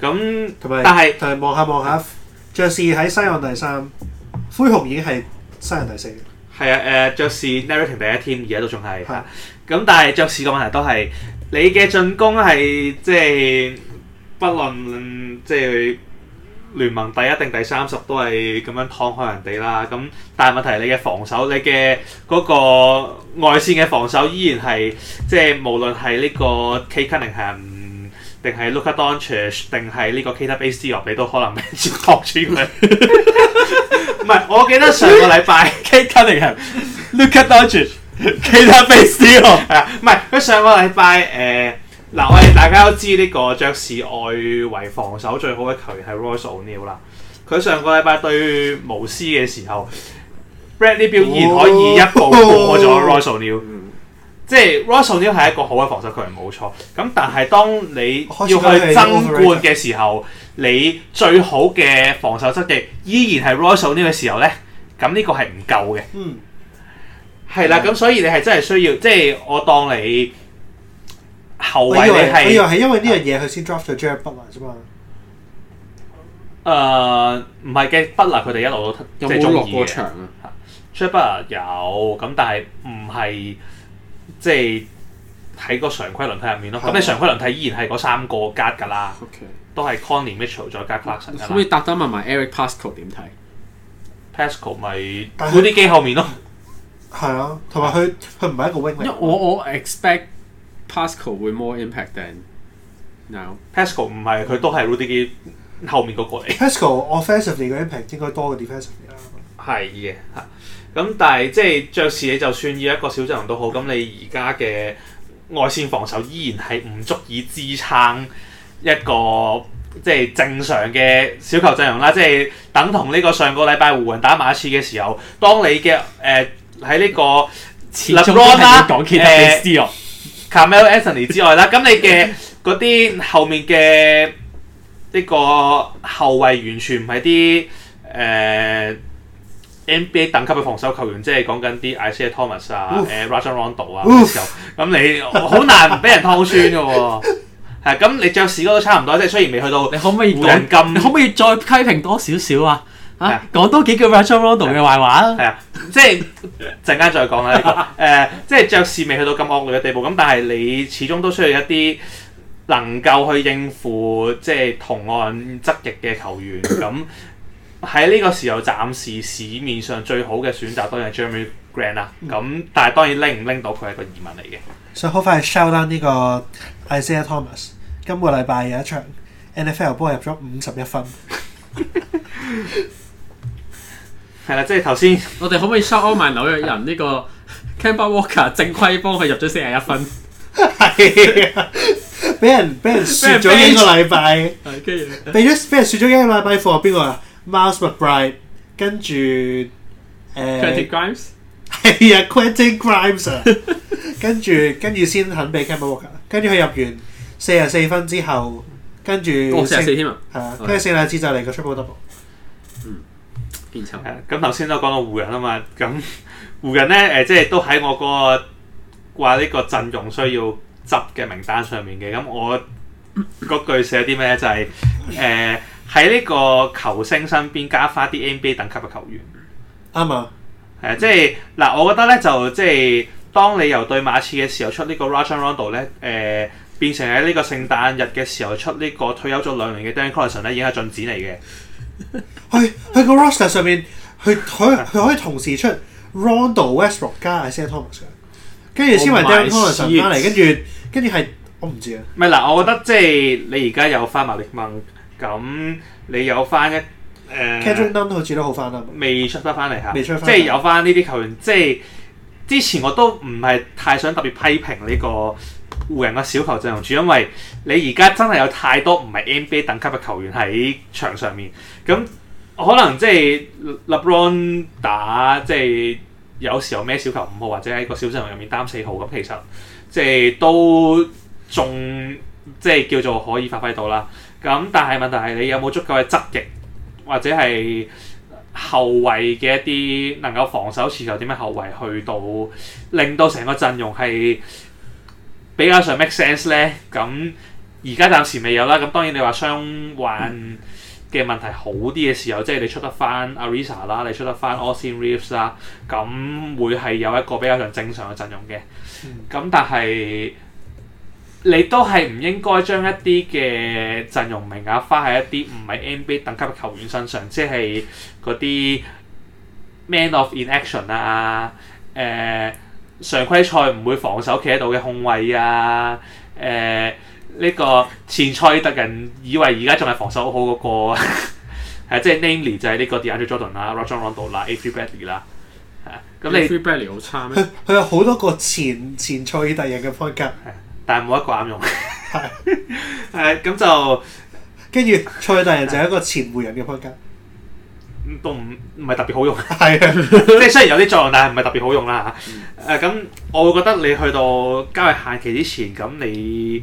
咁同埋，嗯、有但係但係望下望下，爵士喺西岸第三，灰熊已經係西岸第四嘅。係、嗯、啊，誒，爵士 narrowing 第一 team 而家都仲係，咁、啊嗯嗯、但係爵士個問題都係你嘅進攻係即係不論即係。即聯盟第一定第三十都係咁樣趟開人哋啦，咁但係問題你嘅防守，你嘅嗰個外線嘅防守依然係即係無論係呢個 Cunningham 定係唔定係 Luka Doncic 定係呢個 Kwasi s e e l 你都可能接託住。唔 [LAUGHS] 係，我記得上個禮拜 Cunningham 定 Luka Doncic k w a s e e l 係啊，唔係佢上個禮拜誒。呃嗱，我哋大家都知呢個爵士外圍防守最好嘅球員係 Royce O'Neale 啦。佢上個禮拜對巫師嘅時候，Brad 嘅表現可以一步過咗 Royce O'Neale。即係 Royce O'Neale 係一個好嘅防守球員，冇錯。咁但係當你要去爭冠嘅時候，你最好嘅防守質地依然係 Royce O'Neale 嘅時候咧，咁呢個係唔夠嘅。嗯，係啦。咁、嗯、所以你係真係需要，即係我當你。後位你我以為係，我以為係因為呢樣嘢佢先 draft 咗 Butler 啫嘛。誒、呃，唔係嘅，Butler 佢哋一路都即係中意嘅。Butler 有咁，但係唔係即係喺個常規輪替入面咯。咁的你常規輪替依然係嗰三個 guard 㗎啦。OK，都係 Conley Mitchell 再加 Clarkson 咁你特登問埋 Eric Paschall 點睇？Paschall 咪喺啲機後面咯。係啊，同埋佢佢唔係一個 wing 嚟因為我我,我 expect。Pascal、e、會 more impact than now Pas、e。Pascal 唔係佢都係 Rudy Gobert 後面嗰個嚟。Pascal、e、offensively 嚟嘅 impact 應該多過 defensively。係嘅，嚇。咁但係即係爵士，你就算要一個小陣容都好，咁你而家嘅外線防守依然係唔足以支撐一個即係正常嘅小球陣容啦。即係等同呢個上個禮拜湖人打馬刺嘅時候，當你嘅誒喺呢個立續係要講 k e Carmelo Anthony 之外啦，咁你嘅嗰啲後面嘅呢、這個後衛完全唔係啲誒 NBA 等級嘅防守球員，即係講緊啲 Isiah Thomas 啊、誒、哦呃、Rajon Rondo 啊嘅時候，咁、哦、你好難俾人拖、啊、 [LAUGHS] 穿嘅喎。係，咁你爵士都差唔多，即係雖然未去到，你可唔可以湖人咁？金你可唔可以再批評多少少啊？講、啊、多幾句 about Rondo 嘅壞話啊！係啊，即係陣間再講啦。誒、這個呃，即係爵士未去到咁惡劣嘅地步，咁但係你始終都需要一啲能夠去應付即係同案側翼嘅球員。咁喺呢個時候，暫時市面上最好嘅選擇，當然係 Jeremy Grant 啦，嗯。咁但係當然拎唔拎到佢係個疑問嚟嘅。所以好快係 shout out 翻呢個 Isaiah Thomas 今個禮拜有一場 NFL 波入咗五十一分。 [LAUGHS] 係啦，即係頭先，我哋可唔可以 shout out 埋紐約人呢個 Kemba Walker 正規幫佢入咗四廿一分？係， [LAUGHS] 俾人俾人雪咗一個禮拜，係，跟住俾俾人雪咗一個禮拜，放邊個啊？Miles McBride，跟住誒 Quentin Grimes，係啊 Quentin [LAUGHS] Grimes 啊，跟住跟住先肯俾 Kemba Walker，跟住佢入完四廿四分之後，跟住、哦、四廿四添啊，係啊，跟住四廿次就嚟個 triple double。 [LAUGHS] 係，咁頭先都講到湖人啊嘛，咁湖人咧誒、呃，即係都喺我、那個話呢個陣容需要執嘅名單上面嘅，咁我個句寫啲咩咧？就係誒喺呢個球星身邊加翻啲 NBA 等級嘅球員，啱啊、嗯，係啊、嗯，即係嗱，我覺得咧就即係當你由對馬刺嘅時候出呢個 Rajon Rondo 咧，誒、呃、變成喺呢個聖誕日嘅時候出呢個退休咗兩年嘅 Darren Collison 咧，已經係進展嚟嘅。 [LAUGHS] 去去個 roster 上面，佢佢佢可以同時出 Rondo、Westbrook、ok, 加 Sam Thomas，跟住先埋 Sam Thomas 上翻嚟，跟住跟住係我唔知啊。咪嗱，我覺得即係你而家有翻埋力夢，咁你有翻一誒，Kendrick Nunn 好似都好翻啦，未出得翻嚟吓，即係有翻呢啲球員。即係之前我都唔係太想特別批評呢個湖人嘅小球陣容，主要因為你而家真係有太多唔係 NBA 等級嘅球員喺場上面。咁可能即係 LeBron 打，即係有時候孭小球五號或者喺個小陣容入面擔四號咁，其實即係都仲即係叫做可以發揮到啦。咁但係問題係你有冇足夠嘅側翼或者係後衞嘅一啲能夠防守持球點樣後衞去到令到成個陣容係比較上 make sense 咧？咁而家暫時未有啦。咁當然你話傷患、嗯。嘅問題好啲嘅時候，即係你出得翻 Ariza 啦，你出得翻 Austin Reeves 啦，咁會係有一個比較上正常嘅陣容嘅。咁、嗯、但係你都係唔應該將一啲嘅陣容名額花喺一啲唔係 NBA 等級嘅球員身上，即係嗰啲 Man of Inaction 啊，誒、呃，常規賽唔會防守企喺度嘅控衛啊，誒、呃。呢個前賽特人以為而家仲係防守好好嗰個、 [LAUGHS] 啊，即係 namely 就係呢個 DeAndre Jordan 啦，Rajon Rondo 啦，Avery Bradley 啦，係啊。咁、啊啊、你 Avery Bradley 好差咩？佢有好多個前前賽特人嘅 point guard，但係冇一個啱用係。咁就跟住賽特人就係一個前湖人嘅 point guard，都唔唔係特別好用係。即係雖然有啲作用，但係唔係特別好用啦嚇。誒咁、 [LAUGHS] 啊，我會覺得你去到交易限期之前，咁你。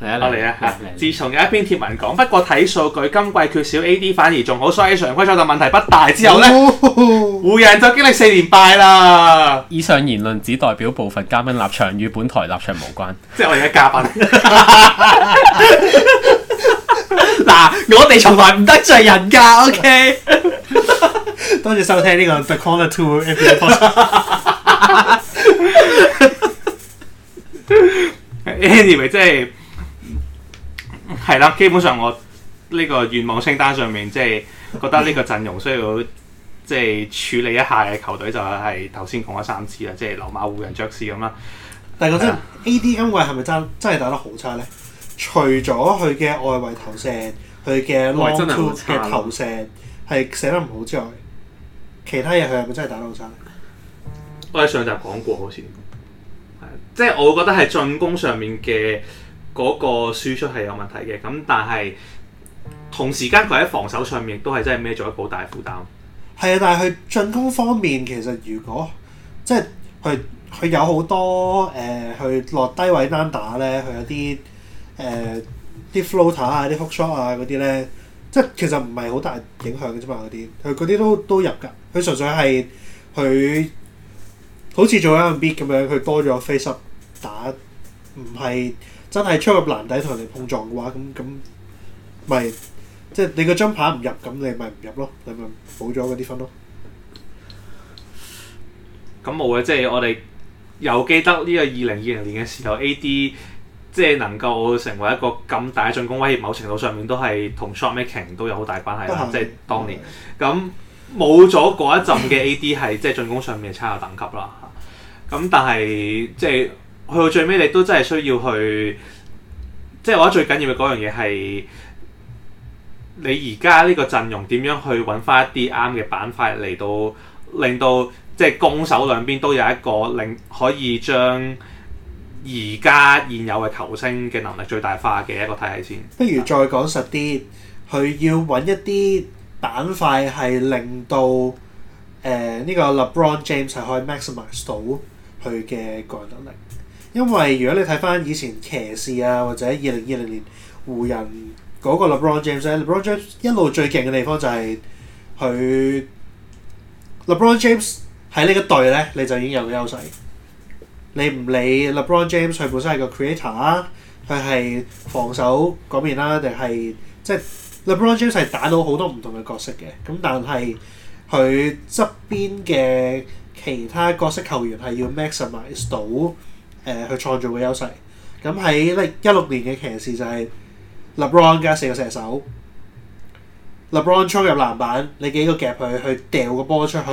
嚟啊，攞嚟啊。嚇！自從有一篇貼文講，不過睇數據，今季缺少 AD 反而仲好，所以常規賽就問題不大。之後咧，湖人就經歷四連敗啦。以上 [LAUGHS] 言論只代表部分嘉賓立場，與本台立場無關。即係 [LAUGHS] 我而家嘉賓嗱，我哋從來唔得罪人㗎。OK，多謝收聽呢個 The Corner 3 Podcast Anyway，即係。係啦，基本上我呢個願望清單上面，即係覺得呢個陣容需要即係處理一下嘅球隊就係頭先講咗三次啦，即係流馬湖人爵士咁啦。但係講真，A. D. 今季係咪真真係打得好差咧？除咗佢嘅外圍投射，佢嘅 long two 嘅投射係射得唔好之外，其他嘢佢係咪真係打得好差咧？我喺上集講過好，好似係即係，我覺得係進攻上面嘅。嗰個輸出係有問題嘅，咁但係同時間佢喺防守上面亦都係真係孭咗一部大負擔。係啊，但係佢進攻方面其實如果即係佢佢有好多誒，去、呃、落低位單打咧，佢有啲誒啲 floater 啊、啲 hook shot 啊嗰啲咧，即係其實唔係好大影響嘅啫嘛。嗰啲佢嗰啲都都入噶，佢純粹係佢好似做 M B t 咁樣，佢多咗 face up 打唔係。真係出入籃底同人哋碰撞嘅話，咁咁，咪、就是、即係你個張牌唔入，咁你咪唔入咯，你咪補咗嗰啲分咯。咁冇嘅，即、就、係、是、我哋又記得呢個二零二零年嘅時候，AD 即係、嗯、能夠成為一個咁大嘅進攻威脅，某程度上面都係同 Shot Making 都有好大關係啦。即係、嗯、當年咁冇咗嗰一陣嘅 AD，係即係進攻上面嘅差個等級啦。咁、嗯嗯、但係即係。就是去到最尾，你都真係需要去，即係我覺得最緊要嘅嗰樣嘢，係你而家呢個陣容點樣去搵翻一啲啱嘅板塊嚟到令到即係攻守兩邊都有一個令可以將而家現有嘅球星嘅能力最大化嘅一個體系先。不如再講實啲，佢要搵一啲板塊係令到誒呢、呃，這個 LeBron James 係可以 maximize 到佢嘅個人能力。因為如果你睇翻以前騎士啊，或者二零二零年湖人嗰個 LeBron James 呢 LeBron James 一路最勁嘅地方就係佢 LeBron James 喺呢個隊咧，你就已經有個優勢。你唔理 LeBron James 佢本身係個 creator 啦，佢係防守嗰邊啦，定係即係、就是、LeBron James 係打到好多唔同嘅角色嘅。咁但係佢側邊嘅其他角色球員係要 maximize 到。誒、呃、去創造嘅優勢，咁喺一六年嘅騎士就係 LeBron 加四個射手，mm hmm.，LeBron 衝入籃板，你幾個夾佢去掉個波出去，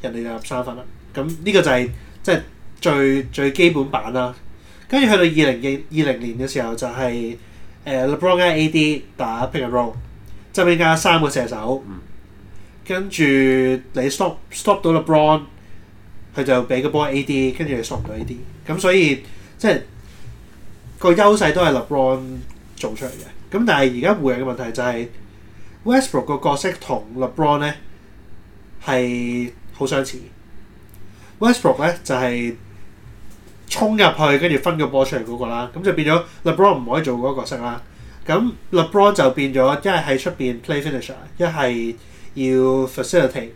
人哋就入三分啦。咁呢個就係即係最最基本版啦。跟住去到二零二零年嘅時候就係、是、誒、呃、LeBron 加 AD 打 Pick and Roll，周邊加三個射手，跟住你 stop、mm hmm. stop 到 LeBron。佢就俾個波 A.D. 跟住就送唔到 A.D.，咁所以即係、個優勢都係 LeBron 做出嚟嘅。咁但係而家湖人嘅問題就係、係、 [LAUGHS] Westbrook、ok West ok 就係個,嗰個、個角色同 LeBron 咧係好相似。Westbrook 咧就係衝入去跟住分個波出嚟嗰個啦，咁就變咗 LeBron 唔可以做嗰個角色啦。咁 LeBron 就變咗一係喺出邊 play finisher，一係要,要 facilitate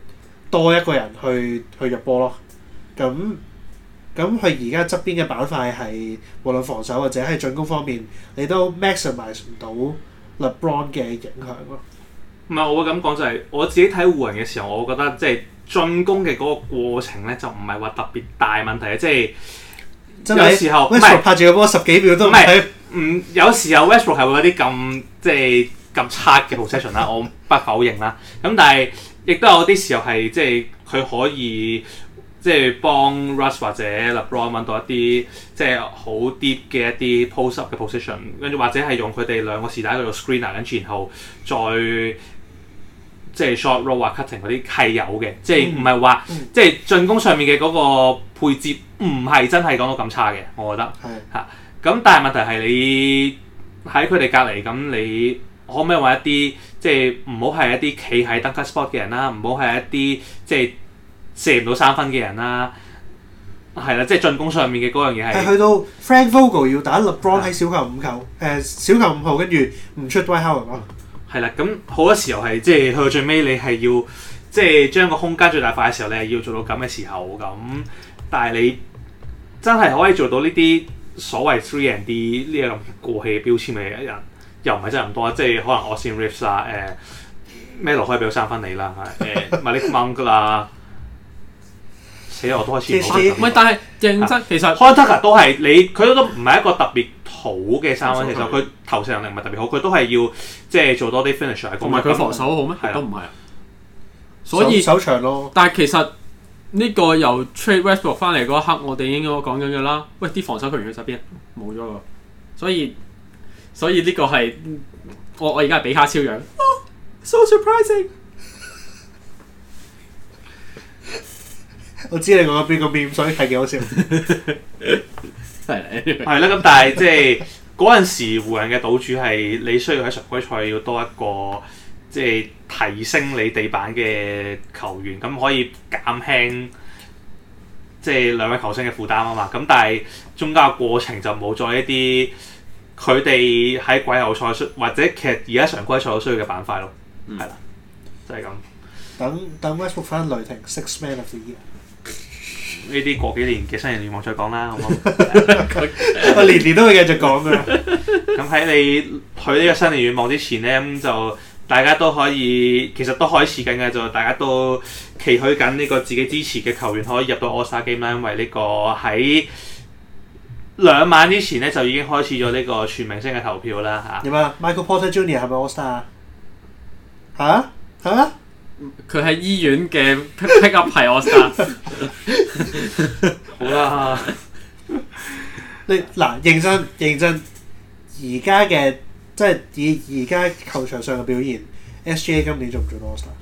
多一個人去去入波咯。咁咁佢而家側邊嘅板塊係無論防守或者喺進攻方面，你都 maximize 唔到 LeBron 嘅影響咯。唔係我會咁講就係、是、我自己睇湖人嘅時候，我覺得即係進攻嘅嗰個過程咧，就唔係話特別大問題，即係真係有時候，唔係拍住個波十幾秒都唔係。嗯，有時候 Westbrook 係會有啲咁即係咁差嘅 position 啦，我不否認啦。咁但係亦都有啲時候係即係佢可以。即係幫 Russ 或者 LeBron 揾到一啲即係好 deep 嘅一啲 post-up 嘅 position，跟住或者係用佢哋兩個是帶喺度 screen 啊，跟住然後再即係、就是、short roll 或 cutting 嗰啲係有嘅，即係唔係話即係進攻上面嘅嗰個配置唔係真係講到咁差嘅，我覺得係咁的、啊、但係問題係你喺佢哋隔籬，咁你可唔可以揾一啲即係唔好係一啲企喺 dunker spot 嘅人啦、啊，唔好係一啲即係。就是射唔到三分嘅人啦、啊，係啦，即係進攻上面嘅嗰樣嘢係。係去到 Frank Vogel 要打 LeBron 喺的小球五球，誒、呃、小球五號跟住唔出 Dwight Howard 係啦，咁好多時候係即係去到最尾，你係要即係將個空間最大化嘅時，時候，你係要做到咁嘅時候咁。但係你真係可以做到呢啲所謂 three and D 呢個過氣標籤嘅人，又唔係真係咁多，即係可能 Austin Reaves 啦，誒 Melo 可以俾到三分你啦、啊，誒 Malik Monk 啦。 [LAUGHS] 而且我都開始冇。唔係，但係認真，其實 Hunter 都係你佢都唔係一個特別好嘅三分。其實佢投射能力唔係特別好，佢都係要即係、就是、做多啲 finisher。同埋佢防守好咩？都唔係。所以手長咯。但係其實呢個由 Trade Westbrook 翻嚟嗰一刻，我哋已經講緊嘅啦。喂，啲防守球員去曬邊？冇咗啦。所以所以呢個係我我而家係比卡超樣。Oh, so surprising! 我知你講咗邊個邊，所以係幾好笑。係啦，咁但係即係嗰陣時湖人嘅賭主係你需要喺常規賽要多一個即係、就是、提升你地板嘅球員，咁可以減輕即係兩位球星嘅負擔啊嘛。咁但係中間嘅過程就冇再一啲佢哋喺季後賽或者其實而家常規賽所需要嘅板塊咯。係啦、嗯，就係、是、咁。等等 Westbrook 翻雷霆 six man 嘅嘢。呢啲過幾年嘅新年願望再講啦，好唔好？我年年都會繼續講㗎。咁喺你許呢個新年願望之前咧，咁就大家都可以，其實都開始緊嘅，就大家都期許緊呢個自己支持嘅球員可以入到 All Star Game 啦。因為呢個喺兩晚之前咧，就已經開始咗呢個全明星嘅投票啦，嚇、啊。點啊？Michael Porter Junior 係咪 All Star 啊？吓？啊？佢喺醫院嘅 pick up 係 All Star，好啦。你嗱認真認真，而家嘅即係以而家球場上嘅表現，S J 今年做唔做到 All Star？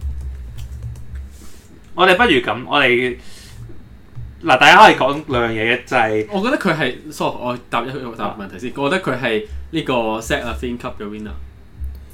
我哋不如咁，我哋嗱大家可以講兩樣嘢嘅就係，我覺得佢係，sorry，我答一答問題先，我覺得佢係呢個 set a theme 級嘅 winner。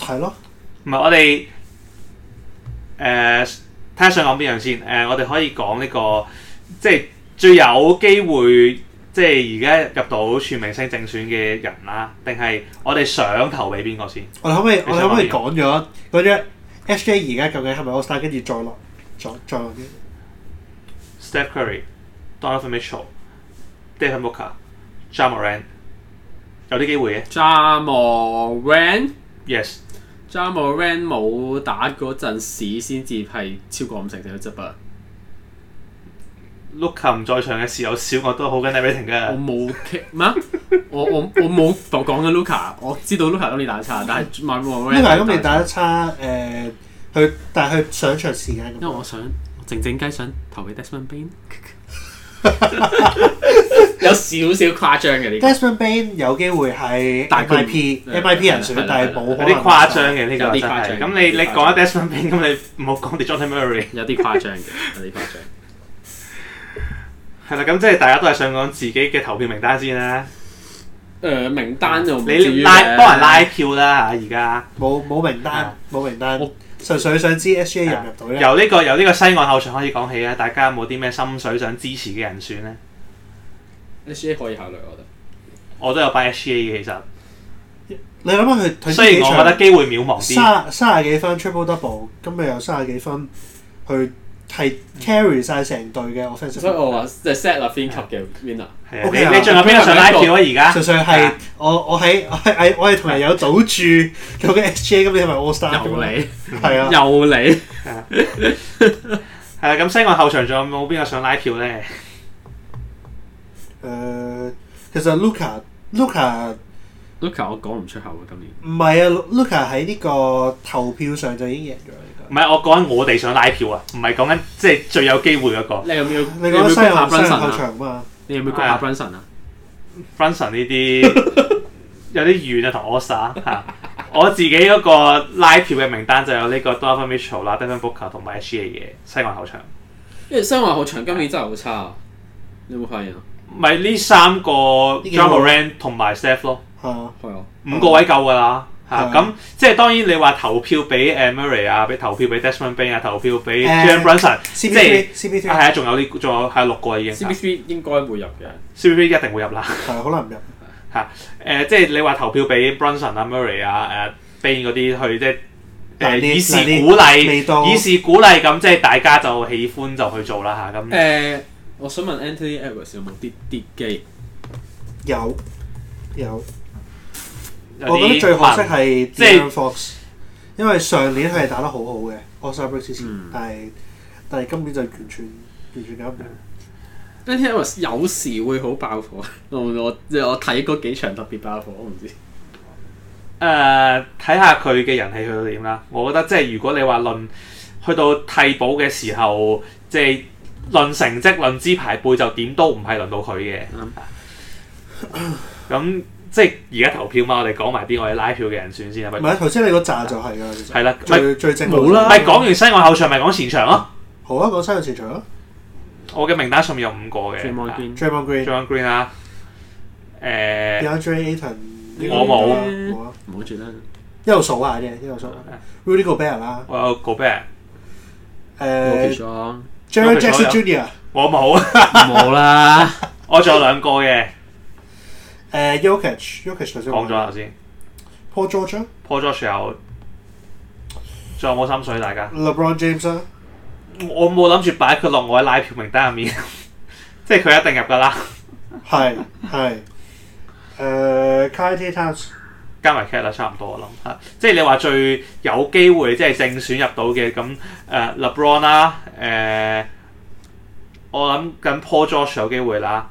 係是咯，唔係我哋誒睇下想講邊樣先誒、呃？我哋可以講呢、這個即係最有機會，即係而家入到全明星正選嘅人啦、啊，定係我哋想投俾邊個先？我哋可唔可以你想我哋可唔可以講咗嗰隻 HJ？而家究竟係咪奧斯汀？跟住再落，再再落啲 Steph Curry、Donovan Mitchell、Devin Booker、Ja Morant 有啲機會嘅 Ja Morant Yes。Ja Morant 冇打嗰陣時，先至係超過五成就多執啊！Luka 唔在場嘅時候有少我都好緊 timing 嘅，我冇咩？我我我冇講緊 Luka，我知道 Luka 當年打得差，但係 Ja Morant 都未打得差誒？佢但係佢上場時間。因為我想我靜靜雞想投俾 Desmond Bane。有少少誇張嘅呢，Desmond Bain 有機會係 MIP MIP 人選，但係冇，有啲誇張嘅呢個真係。咁你你講下 Desmond Bain，咁你唔好講啲 Johnnie Murray 有啲誇張嘅，有啲誇張。係啦，咁即係大家都係想講自己嘅投票名單先啦。誒，名單就你拉幫人拉票啦吓，而家冇冇名單，冇名單。純粹想知 SGA 入唔入到咧，啊？由呢個、由呢個西岸後場可以講起啊！大家有冇啲咩心水想支持嘅人選咧？SGA, SGA 可以考慮，我覺得我都有 buy SGA 嘅，其實，你諗下佢，雖然我覺得機會渺茫啲。三三十幾分 triple double，今日有三十幾分去。係 carry 晒成隊嘅，我覺得。所以我話 set 阿 Fin 級嘅 winner 你仲有邊個想拉票啊？而家。純粹係我我喺我係我係同人有賭注，究竟 SJA 咁，你係咪 all star？由你。係啊。又你。係啊。咁西岸後場仲有冇邊個想拉票咧？誒，其實 Luka Luka Luka，我講唔出口啊！今年。唔係啊，Luka 喺呢個投票上就已經贏咗。唔係我講緊我哋想拉票啊，唔係講緊即係最有機會嗰個。你有冇？你講西岸西岸後場啊？你有冇講阿 Brunson 啊？Brunson 呢啲有啲遠啊，同 Osa 我自己嗰個拉票嘅名單就有呢個 Davion Mitchell 啦、Devin Booker 同埋 h 嘅嘢。西岸後場。因為西岸後場今年真係好差啊！你有冇發現啊？唔咪呢三個 Ja Morant 同埋 Steph 咯，係啊，五個位夠㗎啦。咁、啊、即係當然，你話投票俾誒 Murray 啊，俾投票俾 Desmond Bane 啊，投票俾 Jalen Brunson 即係，係啊，仲、啊、有啲，仲有係六個已經。C B C 應該會入嘅，C B C 一定會入啦。係，可能入。嚇、啊，誒、呃，即係你話投票俾 Brunson 啊、Murray 啊、誒 Bane 嗰啲去即係，誒、呃、以示鼓勵，呃、以示鼓勵咁、嗯，即係大家就喜歡就去做啦嚇。咁、啊、誒、啊嗯呃，我想問 Anthony Edwards 有冇啲啲機？有，有。有有。有我覺得最可惜係即係 Fox 因為上年係打得好好嘅我 All Star、嗯、但係但係今年就完全完全搞唔掂。b 有時會好爆火，我我我睇嗰幾場特別爆火，我唔知、呃。誒，睇下佢嘅人氣去到點啦。我覺得即係如果你話論去到替補嘅時候，即係論成績、論資排輩，就點都唔係輪到佢嘅。咁、嗯。即係而家投票嘛，我哋講埋啲我哋拉票嘅人選先係咪？唔係，頭先你個炸就係啊！係啦，最最正冇啦！咪講完西岸後場，咪講前場咯。好啊，講西岸前場咯。我嘅名單上面有五個嘅。Draymond Draymond Green、Draymond Green 啊。誒。Deandre Ayton，我冇冇啊，冇住啦。一路數下啫，一路數。Rudy Gobert 啦。我有 Gobert。Jaren Jackson Jr. 我冇冇啦，我仲有兩個嘅。誒，Jokic，Jokic 頭先講咗啦，頭先。Paul George？Paul George 有，仲有冇心水大家？LeBron James 啊，我冇諗住擺佢落我嘅拉票名單入面，即係佢一定入㗎啦。係係。誒，KAT Towns 加埋 K 啦，差唔多我諗吓，即係你話最有機會即係正選入到嘅咁誒，LeBron 啦，誒，我諗緊 Paul George 有機會啦。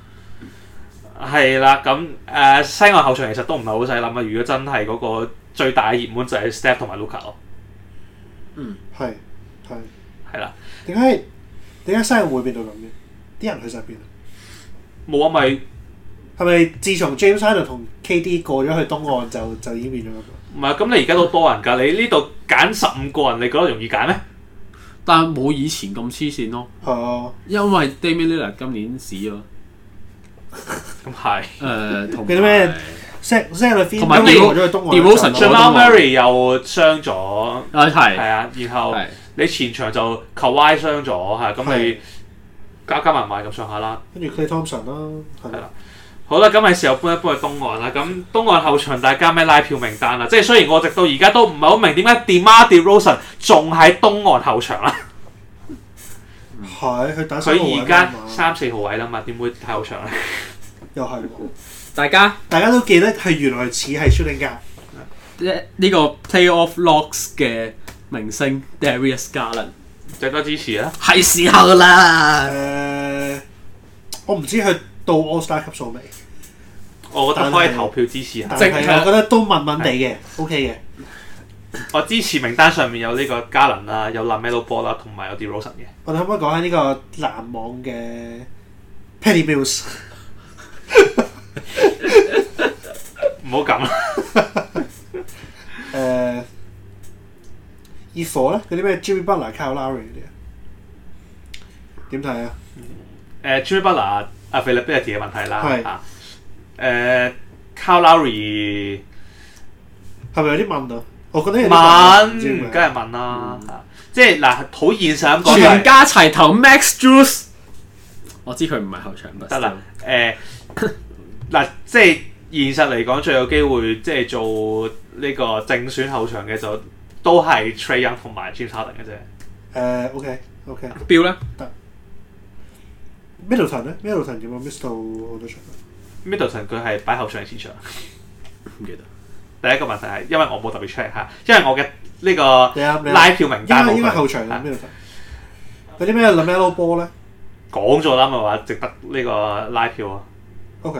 係啦，咁誒、呃、西岸後場其實都唔係好使諗啊！如果真係嗰個最大熱門就係 Steph 同埋 Luka 咯。嗯，係係係啦。點解點解西岸會變到咁嘅？啲人去晒邊？冇啊，咪係咪自從 James Harden 同 KD 過咗去東岸就就已經變咗咁、那個？唔係啊！咁你而家都多人㗎，你呢度揀十五個人，你覺得容易揀咩？但冇以前咁黐線咯。係啊，因為 Damian Lillard 今年屎啊！ [LAUGHS] 咁係，誒、嗯，嗰啲咩同埋你 d i o n 又傷咗，啊係，啊，然後你前場就 Kawhi 傷咗，嚇、啊，咁你、啊、加、啊、加埋埋咁上下啦，跟住 Klay Thompson 啦，係啦、啊啊，好啦，咁係時候搬一搬去東岸啦，咁東岸後場大家咩拉票名單啊？即係雖然我直到而家都唔係好明點解 DeMar，DeMar DeRozan 仲喺東岸後場啦，係、啊，佢打佢而家三四號位啦嘛，點會後場咧？又係、哦，大家大家都記得係原來似係 shooting 架、er，呢呢個 playoff locks 嘅明星 Darius Garland，再多支持啊！係時候啦，呃、我唔知佢到 all star 級數未。我覺得可以投票支持下。即係是我覺得都問問地嘅，OK 嘅的。我支持名單上面有呢個加倫啊，有 LaMelo Ball 啦，同埋有 DeRozan 嘅。我哋可唔可以講下呢個籃網嘅 Patty Mills？唔好咁啦。誒，熱火咧，嗰啲咩 Jimmy Butler、Kyle Lowry 嗰啲啊？點睇啊？誒，Jimmy Butler 阿費力比亞嘅問題啦嚇。誒，Kyle Lowry 係咪有啲問度？我覺得問，梗係問啦。即係嗱，好現實咁講，全家齊投 Max Juice。我知佢唔係後場得啦。誒。嗱，即係現實嚟講，最有機會即係做呢個正選後場嘅就都係 Trae Young 同埋 James Harden 嘅啫。誒，OK，OK。Bill 咧 Middleton 咧，Middleton 有冇 miss 到好多場？Middleton 佢係擺後場嚟前場，唔 [LAUGHS] 記得。第一個問題係因為我冇特別 check 吓，因為我嘅呢個拉票名單冇。因為因為後場嘅 Middleton、啊嗰啲咩 LaMelo Ball 咧講咗啦，咪話值得呢個拉票啊。OK。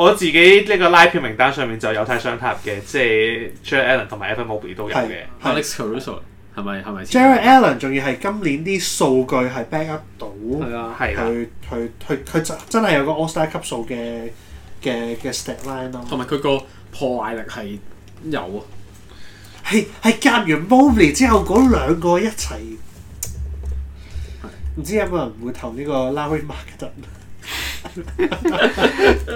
我自己呢個拉票名單上面就有睇雙塔嘅，即係 Jarrett Allen 同埋 Evan Mobley 都有嘅。係係 Alex Caruso 係咪係咪 Jarrett Allen 仲要係今年啲數據係 back up 到，係啊，係啊，佢佢佢真真係有個 All Star 級數嘅嘅嘅 stat line 咯。同埋佢個破壞力係有啊。係係夾完 Mobley 之後嗰兩個一齊，唔的知有冇人會投呢個 Lauri Markkanen [LAUGHS] [LAUGHS]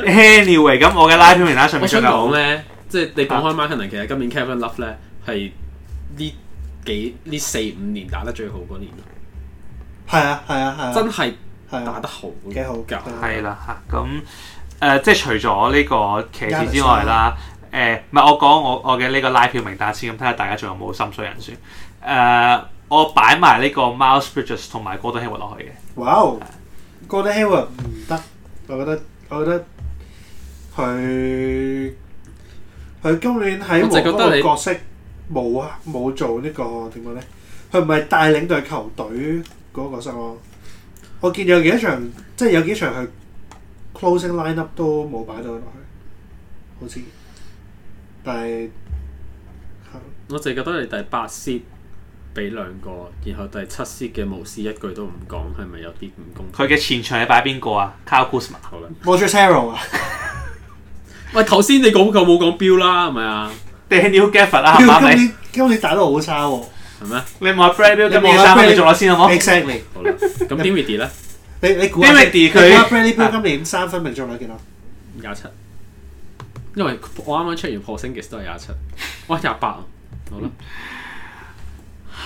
anyway，咁我嘅拉票名單上面想講咩？很即係你講開 Markkanen，a、啊、其實今年 Kevin Love 咧係呢幾呢四五年打得最好嗰年咯。係啊，係啊，係、啊，真係打得好，幾、啊啊、好噶，係啦吓。咁誒、呃，即係除咗呢個騎士之外啦，誒、yeah, right. 呃，唔係我講我我嘅呢個拉票名單先，咁睇下大家仲有冇心水人選。誒、呃，我擺埋呢個 Miles Bridges 同埋 Gordon Hayward 落去嘅。w Wow.、嗯得覺得 Hill 唔得，我覺得我覺得佢佢今年喺我覺得個角色冇啊冇做，這個，呢個點講咧？佢唔係帶領隊球隊嗰個角色咯。我見有幾場即係有幾場佢 closing lineup 都冇擺到落去，好似但係我淨係覺得你第八線。俾兩個，然後第七節嘅巫師一句都唔講，係咪有啲唔公,公？佢嘅前場係擺邊個啊？Kyle Kuzma。Kuzma, 好啦。Montrezl Harrell 啊。喂，頭先你講夠冇講標啦，係咪啊？Daniel Gafford 啦，係咪？今年今年打得好差喎。係咩、嗯？你問 emi Bradley，今年三分命中率幾多？Exactly。好啦，咁 Dimitri 咧？你你估下？Dimitri 佢 Bradley 今年三分命中率幾多？廿七。因為我啱啱 check 完破星級都係廿七，我廿八啊。28? 好啦。 [LAUGHS] 好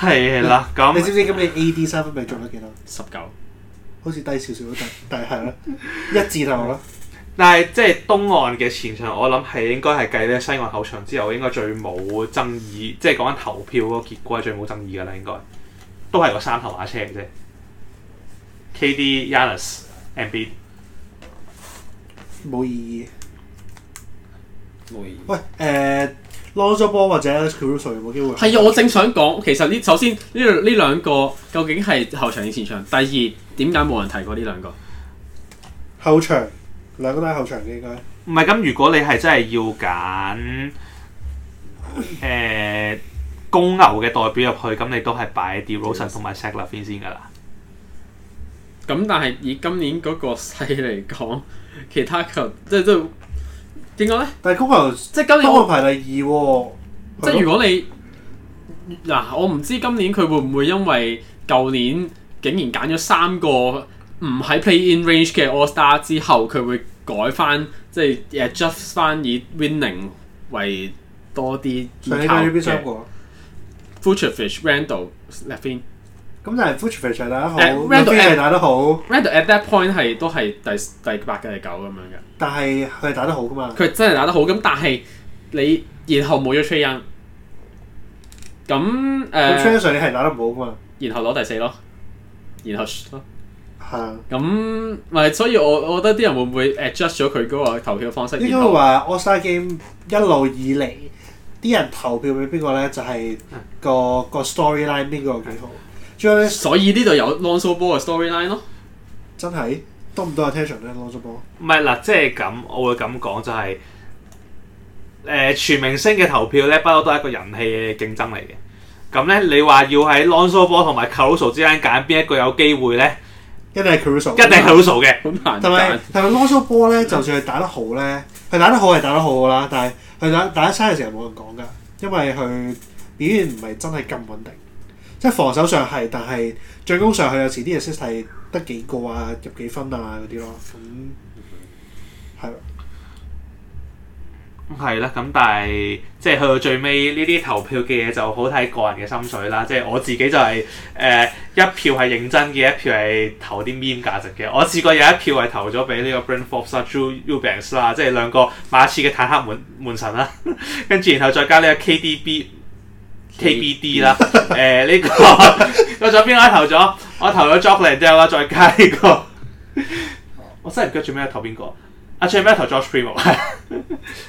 係啦，咁你知唔知今年 A. D 三分比做咗幾多？十九，好似低少少都得，但係咯，一字頭咯。但係即係東岸嘅前場，我諗係應該係計咧西岸後場之後，應該最冇爭議，即係講緊投票嗰個結果係最冇爭議㗎啦，應該都係個三頭馬車嘅啫。K. D. Giannis M. B. 冇意義，冇意義。喂，誒、呃。lost 咗波或者佢都冇機會。係啊，我正想講，其實呢，首先呢呢兩個究竟係後場定前場？第二點解冇人提過呢兩個？後場兩個都係後場嘅應該。唔係咁，如果你係真係要揀誒、呃、公牛嘅代表入去，咁你都係擺啲 DeRozan 同埋 Zach LaVine 先㗎啦。咁 Yes. 但係以今年嗰個勢嚟講，其他球即係都。點講咧？但係公牛，即係今年公牛排第二喎。即係我如果你嗱、啊，我唔知今年佢會唔會因為舊年竟然揀咗三個唔喺 Play-In Range 嘅 All-Star 之後，佢會改翻即係，誒、就是、just 翻以 winning 為多啲邊三個。Future Fish、Randall、Levin。咁但係 Footage 係打得好，Randall 係打得好。Randall at that point 係都係第第八、第九咁樣嘅。但係佢係打得好㗎嘛？佢真係打得好，咁但係你然後冇咗 Trae Young 咁誒 Trae Young 你係打得唔好㗎嘛？然後攞第四咯，然後咯，係啊。咁咪所以，我我覺得啲人會唔會 adjust 咗佢嗰個投票方式？應該話 All Star Game 一路以嚟啲人投票俾邊個咧？就係個個 storyline 邊個幾好。所以呢度有 Lonzo Ball 嘅 storyline 咯，真係多唔多 attention 咧？Lonzo Ball 唔係啦，即係咁，我會咁講就係、是，誒、呃，全明星嘅投票咧，不嬲都係一個人氣嘅競爭嚟嘅。咁咧，你話要喺 Lonzo Ball 同埋 Caruso 之間揀邊一個有機會咧，一定係 Caruso，一定係 Caruso 嘅。好難，但係 Lonzo Ball 咧，但 so 嗯、就算係打得好咧，佢打得好係打得好噶啦，但係佢打打得差嘅時候冇人講噶，因為佢表現唔係真係咁穩定。即係防守上係，但係進攻上佢有時啲 assist 係得幾個啊，入幾分啊嗰啲咯。咁係咯，係啦。咁、嗯、但係即係去到最尾呢啲投票嘅嘢就好睇個人嘅心水啦。即係我自己就係誒一票係認真嘅，一票係投啲 meme 價值嘅。我試過有一票係投咗俾呢個 Bryn Forbes 啊 Drew Eubanks 啦，即係兩個馬刺嘅坦克門門神啦。跟 [LAUGHS] 住然後再加呢個 KDB。KBD 啦，誒呢、 [LAUGHS] 呃呢個我 [LAUGHS] 左邊我投咗，我投咗 Jokling 之後啦，再加呢、呢個， [LAUGHS] 我真係唔記得做咩投邊個？阿 Chambers、 [LAUGHS] 啊、投 Josh Primo，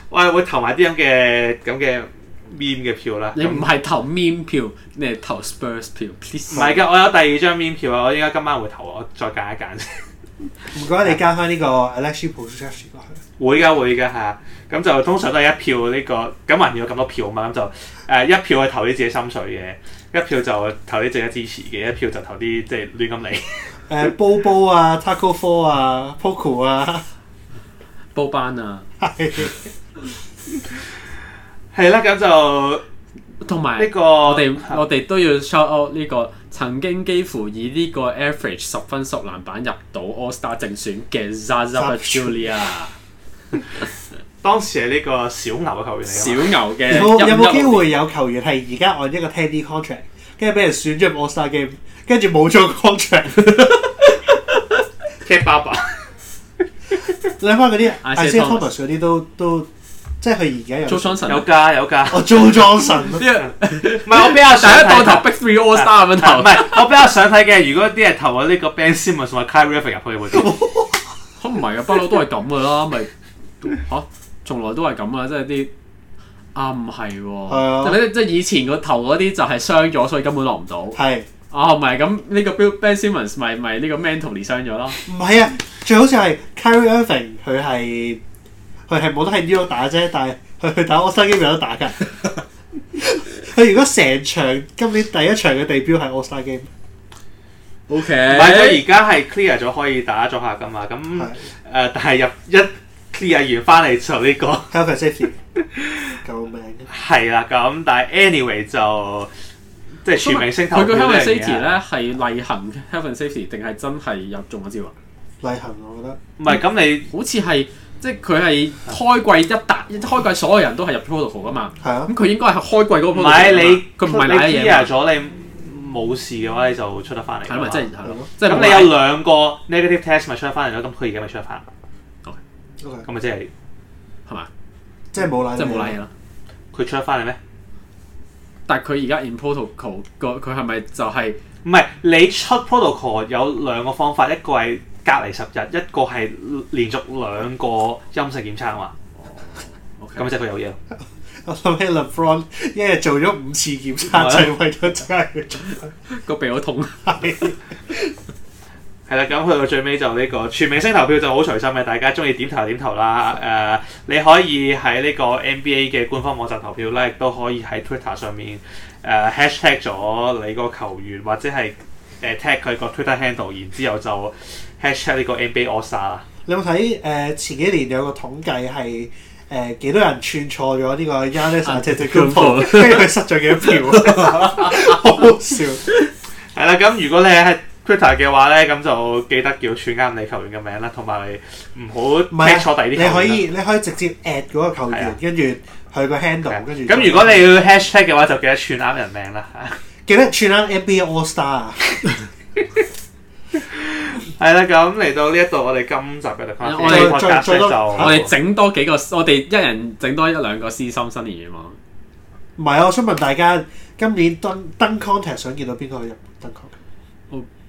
我 [LAUGHS] 係、哎、會投埋啲咁嘅咁嘅 meme 嘅票啦。你唔係投 meme 票，你係投 Spurs 票。Please，唔係㗎， [LAUGHS] 我有第二張 meme 票啊！我應該今晚會投，我再揀一揀。唔該，你加返呢個 Alexej Pokusevski 嘅話，會㗎會㗎。咁就通常都係一票呢、這個，咁還要有咁多票嘛？咁就誒、呃、一票去投啲自己心水嘅，一票就投啲值得支持嘅，一票就投啲即係亂咁嚟。誒、 [LAUGHS] 啊、波波啊，Tacko Fall 啊 Poku 啊，波班啊，係係啦，咁就同埋呢個我哋們、啊、我哋都要 shout out 呢、這個曾經幾乎以呢個 average 十分熟籃板入到 All Star 正選嘅 Zaza Pachulia。 [LAUGHS] [LAUGHS] 當時係呢個小牛嘅球員嚟嘅。小牛嘅有冇機會有球員係而家按一個 ten day Contract，跟住俾人選咗入 All Star Game，跟住冇咗 Contract。k e e 你 b a 翻嗰啲，Isaiah Thomas 嗰啲都都，即係而家有 Johnson 有架有架，我做 Johnson，唔係我比較第一當頭逼 Big Three All Star 咁樣投，唔係我比較想睇嘅。如果啲人投我呢個 Ben Simmons 或 Kyrie 入去會點？可唔係啊？不嬲都係咁嘅啦，咪嚇。從來都係咁啊！啊即係啲啊唔係，即係即係以前個頭嗰啲就係傷咗，所以根本落唔到。係是啊，唔係咁呢個 Ben Simmons 咪咪呢個 mental 裂傷咗咯。唔係啊，最好似係 Kyrie Irving 佢係佢係冇得喺呢度打啫，但係佢去打 All-Star Game 有得打㗎。佢 [LAUGHS] 如果成場今年第一場嘅地標係 All-Star Game，OK Okay。但咗而家係 clear 咗可以打咗下㗎嘛？咁誒的、呃，但係入一。試完翻嚟就呢個 Health and Safety，救命！係啦，咁但係 anyway 就即係全明星投票佢個 Health and Safety 咧係例行嘅。Health and Safety 定係真係入中一招？啊？例行，我覺得。唔係咁，你好似係即係佢係開季一達，開季所有人都係入 portfolio 嘛？係啊。咁佢應該係開季嗰波。唔係你，佢唔係你。嘢嘛？咗你冇事嘅話，你就出得翻嚟。係咪即係係咯？咁你有兩個 negative test 咪出得翻嚟咯？咁佢而家咪出得翻。咁咪 Okay. 即係，係嘛吧？即係冇攬，即係冇攬嘢咯。佢出得翻嚟咩？但係佢而家 in protocol 個、就是，佢係咪就係？唔係，你出 protocol 有兩個方法，一個係隔離十日，一個係連續兩個陰性檢測啊嘛。咁、okay. 即係佢有嘢咯。 [LAUGHS] 我諗起 Lebron 一日做咗五次檢測，吧就係為咗齋個鼻好痛。 [LAUGHS] 係啦，咁去到最尾就呢個全明星投票就好隨心嘅，大家中意點投點投啦。誒、呃，你可以喺呢個 NBA 嘅官方網站投票啦，亦都可以喺 Twitter 上面誒、呃、hashtag 咗你個球員或者係誒、呃、tag 佢個 Twitter handle，然之後就 hashtag 呢個 NBA All Star，你有冇睇誒前幾年有個統計係誒幾多人串錯咗呢個 Yanis？佢，失咗幾多票？好好笑。係啦，咁如果你係，Twitter 嘅話咧，咁就記得叫串啱你球員嘅名啦，同埋唔好 miss 第啲球員。你可以你可以直接 at 嗰個球員，跟住去個 handle，跟住。咁如果你要 hashtag 嘅話，就記得串啱人名啦。記得串啱 NBA All Star 啊！係啦，咁嚟到呢一度，我哋今集嘅特刊，我哋再再我哋整多幾個，我哋一人整多一兩個私心新年願望。唔係，我想問大家，今年登登 contest 想見到邊個入登？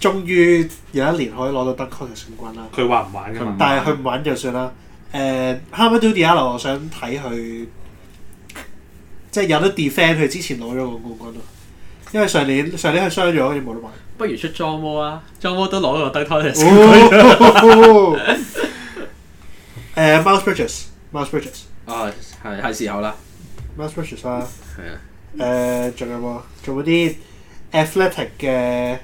終於有一年可以攞到德科特冠軍啦！佢話唔玩嘛，玩但係佢唔玩就算啦。誒、呃，哈米杜迪亞羅，我想睇佢即係有得 defend。佢之前攞咗個冠軍咯，因為上年上年佢傷咗，好似冇得玩。不如出裝魔，裝魔 ges、哦、啊。裝魔都攞咗個德科特冠軍。誒，Miles Bridges，Miles Bridges 啊，係係時候啦，Miles Bridges 啦，係啊，誒，仲有冇？仲有啲 athletic 嘅。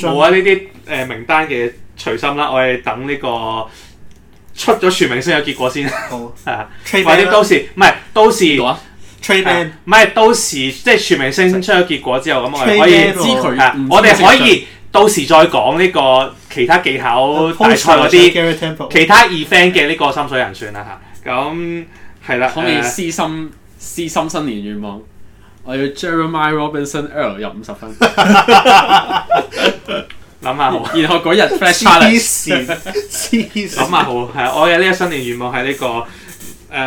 冇啊，呢啲誒名單嘅隨心啦，我哋等呢個出咗全明星有結果先，係啊，或者到時唔係到時，唔係到時，即係全明星出咗結果之後，咁我哋可以知佢，我哋可以到時再講呢個其他技巧大賽嗰啲其他 event 嘅呢個心水人選啦嚇，咁係啦，可以私心私心新年願望。我要 Jeremiah Robinson-Earl 入五十分，諗下好。然後嗰日 Flash Charles，諗下好。係我嘅呢個新年願望係呢個誒，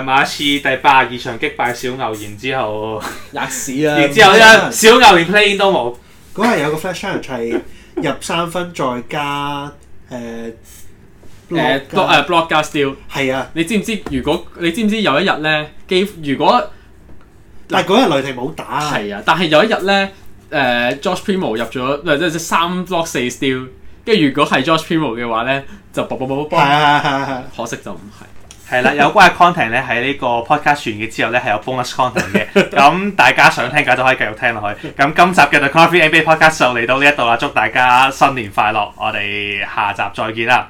馬刺第八十二場擊敗小牛，然之後，吔屎啦！然之後咧，小牛連 play in 都冇。嗰日有個 Flash Charles 係入三分再加誒誒 block 加 steal 掉。係啊！你知唔知？如果你知唔知有一日咧，如果？但嗰日雷霆冇打，啊。係啊，但係有一日咧，誒、呃、George Primo 入咗，即係即係三 block 四 steal，跟住如果係 George Primo 嘅話咧，就啵啵啵啵。係係係係。可惜就唔係。係啦，有關嘅 content 咧，喺呢個 podcast 完結之後咧，係有 bonus content 嘅。咁 [LAUGHS] 大家想聽嘅都可以繼續聽落去。咁今集嘅 The Corner 3 NBA Podcast 就嚟到呢一度啦，祝大家新年快樂！我哋下集再見啦。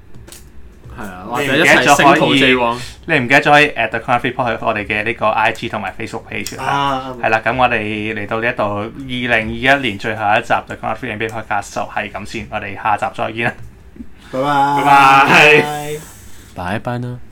係啊，我唔記得咗可以， [MUSIC] 你唔記得咗可以 at the corner 3 pod 去我哋嘅呢個 IG 同埋 Facebook page 啊。係啦，咁我哋嚟到呢一度二零二一年最後一集就講下 The Corner 3 Pod 㗎，就係咁先，我哋下集再見啊，拜拜，拜 [NOISE] 拜樂，拜拜啦。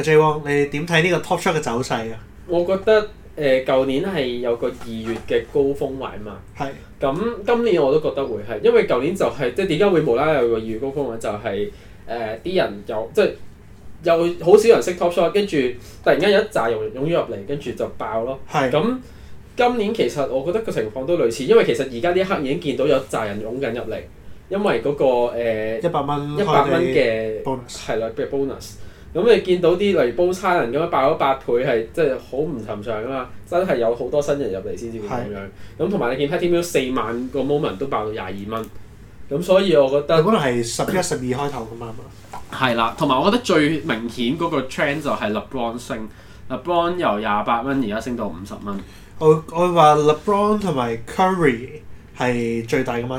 你點睇呢個 top shot 嘅走勢啊？我覺得誒，舊、呃、年係有個二月嘅高峰位嘛。係。咁今年我都覺得會係，因為舊年就係、是、即係點解會無啦啦有個二月高峰位，就係誒啲人又即係又好少人識 top shot，跟住突然間有一紮人湧咗入嚟，跟住就爆咯。係。咁今年其實我覺得個情況都類似，因為其實而家呢一刻已經見到有一紮人湧緊入嚟，因為嗰、那個一百蚊一百蚊嘅 bonus 係啦，俾、呃、bonus。咁、嗯、你見到啲例如煲差人咁樣爆咗八倍，係即係好唔尋常噶嘛？真係有好多新人入嚟先至會咁樣。咁同埋你見 TikTok 四萬個 moment 都爆到廿二蚊，咁、嗯、所以我覺得嗰個係十一、十二開頭噶嘛？係啦、嗯，同埋我覺得最明顯嗰個 trend 就係 LeBron 升、嗯、，LeBron 由廿八蚊而家升到五十蚊。我我話 LeBron 同埋 Curry 係最大嘅 market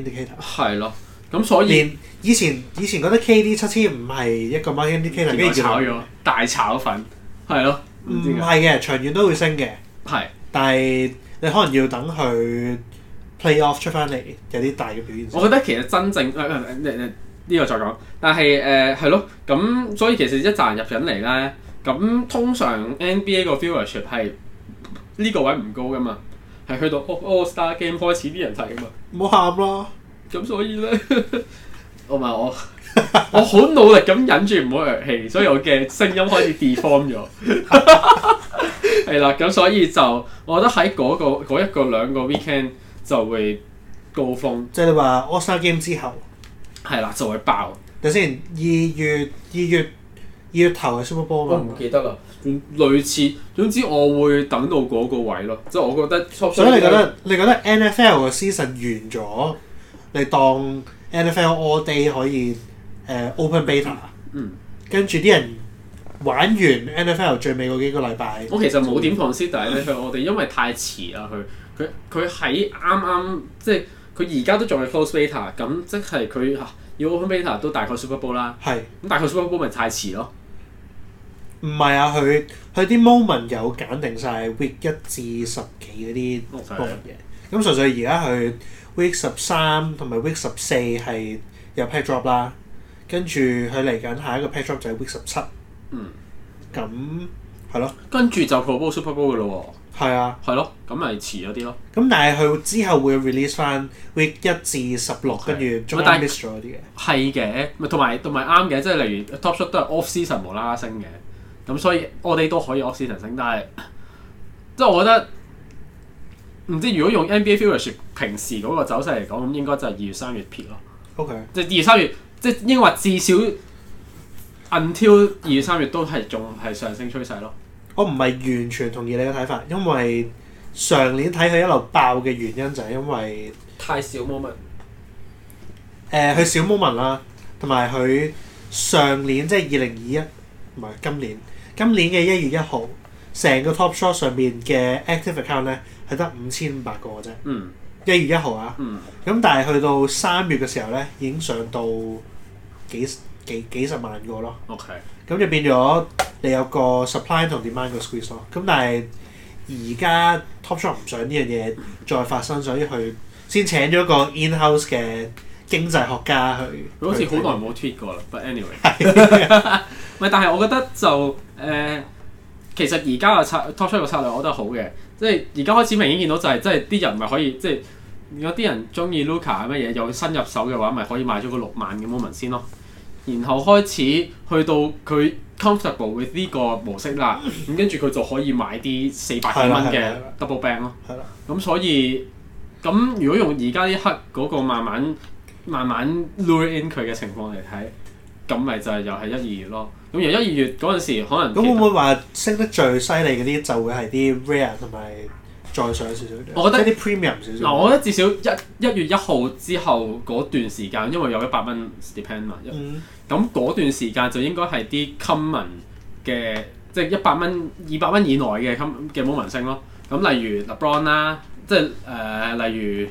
indicator。係咯。咁所以，以前以前覺得 KD 七千唔係一個 money，KD 已大炒粉，係咯，唔係嘅，長遠都會升嘅，係的，但係你可能要等佢 playoff 出翻嚟，有啲大嘅表現。我覺得其實真正呢、呃呃呃這個再講，但係誒係咯，咁、呃、所以其實一紮人入緊嚟咧，咁通常 NBA 個 viewership 係呢個位唔高噶嘛，係去到 All Star Game 開始啲人睇噶嘛，唔好喊啦。咁所以咧，同埋我，我好努力咁忍住唔好弱氣，所以我嘅聲音開始 deform 咗。係啦， [LAUGHS] [LAUGHS] 咁所以就，我覺得喺嗰、那個嗰一個兩個 weekend 就會高峰，即係你話澳超 game 之後，係啦就會爆。等先，二月二月二月頭係什麼波 l 我唔記得啦，類似總之我會等到嗰個位咯。即係我覺得，所以你覺得你覺得 NFL 嘅 season 完咗？你當 NFL all day 可以誒、呃、open beta，跟住啲人玩完 NFL 最尾嗰幾個禮拜，我其實冇點 consider 咧佢我哋，因為，因為太遲啦佢佢佢喺啱啱即係佢而家都仲係 close beta，咁即係佢要 open beta 都大概 Super Bowl 啦，係咁是大概 Super Bowl 咪太遲咯、啊，唔係啊佢佢啲 moment 有揀定晒 week 一至十幾嗰啲 moment。咁純粹而家佢 week 十三同埋 week 十四係有 pack drop 啦，跟住佢嚟緊下一個 pack drop 就係 week 十七。嗯，咁係咯，跟住就 Pro Bowl Super Bowl 嘅咯喎。係啊，係咯，咁咪遲咗啲咯。咁但係佢之後會 release 翻 week 一至十六，跟住 join the d r 啲嘅。係嘅，咪同埋同埋啱嘅，即係例如 top shot 都係 off season 無啦啦升嘅，咁所以我哋都可以 off season 升，但係即係我覺得。唔知如果用 NBA Futures 平時嗰個走勢嚟講，咁應該就係二月三月撇咯。OK，即係二月三月，即係應該話至少 until 二月三月都係仲係上升趨勢咯。我唔係完全同意你嘅睇法，因為上年睇佢一路爆嘅原因就係因為太少 moment。誒、呃，佢少 moment 啦，同埋佢上年即係二零二一唔係今年，今年嘅一月一號成個 Top Shot 上面嘅 Active Account 咧。係得五千五百個啫、啊。嗯。一月一號啊。嗯。咁但係去到三月嘅時候咧，已經上到幾幾幾十萬個咯。OK。咁就變咗你有個 supply 同 demand 個 squeeze 咯。咁但係而家 Top Shot 唔想呢樣嘢再發生，所以佢先請咗個 in-house 嘅經濟學家去。佢好似好耐冇 tweet 過啦。But anyway，係。但係我覺得就誒、呃，其實而家個策 Top Shot 個策略，我覺得好嘅。即係而家開始明顯見到就係、即係，即係啲人咪可以，即係如果啲人中意 Luka 啊乜嘢，有，有新入手嘅話，咪可以買咗個六萬嘅 moment 先咯。然後開始去到佢 comfortable with 呢個模式啦，咁跟住佢就可以買啲四百幾蚊嘅 double bang 咯。係啦。咁所以咁如果用而家呢刻嗰個慢慢慢慢 lure in 佢嘅情況嚟睇。咁咪就係又係一二月咯。咁而一二月嗰陣時，可能咁會唔會話升得最犀利嗰啲就會係啲 rare 同埋再上少少？我覺得啲 premium 少少。嗱，我覺得至少一一月一號之後嗰段時間，因為有一百蚊 depend 嘛。Ment, 嗯。咁嗰段時間就應該係啲 common 嘅，即係一百蚊、二百蚊以內嘅 common movement 升咯。咁例如 LeBron 啦、啊，即係誒、呃，例如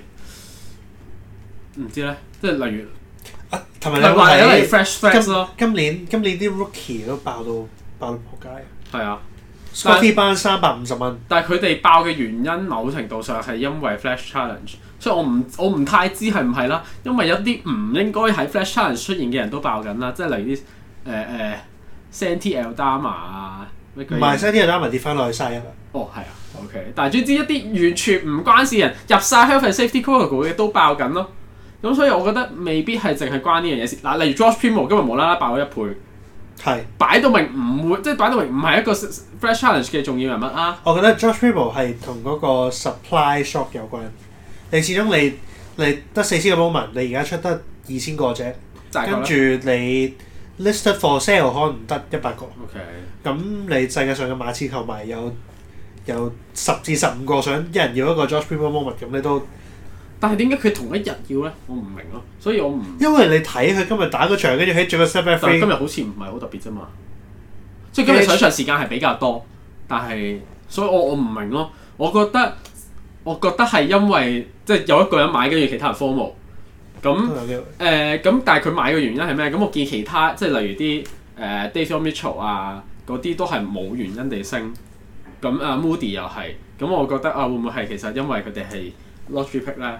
唔知咧，即係例如。同埋你話係 f, f l a s h 今年今年啲 rookie 都爆到爆到撲街。係啊，Scoffy 班三百五十蚊。但係佢哋爆嘅原因某程度上係因為 flash challenge，所以我唔我唔太知係唔係啦。因為有啲唔應該喺 flash challenge 出現嘅人都爆緊啦，即係例如啲誒誒 Santy l d a m aSanty Eldama 啊，唔係 Santy Eldama 跌翻落去晒啊嘛。哦，係啊，OK。但係總之一啲完全唔關事人入晒 health and safety quota 嘅都爆緊咯。咁、嗯、所以我覺得未必係淨係關呢樣嘢先。嗱，例如 George Primo 今日無啦啦爆咗一倍，係是擺到明唔會，即係擺到明唔係一個 fresh challenge 嘅重要人物啊？我覺得 George Primo 係同嗰個 supply shock 有關。你始終你你得四千個 moment，你而家出得二千個啫，跟住你 listed for sale 可能得一百個。OK。咁你世界上嘅馬刺球迷有有十至十五個想一人要一個 George Primo moment 咁，你都？但係點解佢同一日要咧？我唔明咯，所以我唔因為你睇佢今日打嗰場，跟住喺最後 set by free。但係今日好似唔係好特別啫嘛，即係今日上場時間係比較多，但係所以我我唔明咯。我覺得我覺得係因為即係、就是、有一個人買，跟住其他人 follow 咁誒咁，Hello, dear. 呃、但係佢買嘅原因係咩？咁我見其他即係例如啲誒 Davion Mitchell 啊，嗰啲都係冇原因地升。咁啊 Moody 又係，咁我覺得啊會唔會係其實因為佢哋係 lottery pick 咧？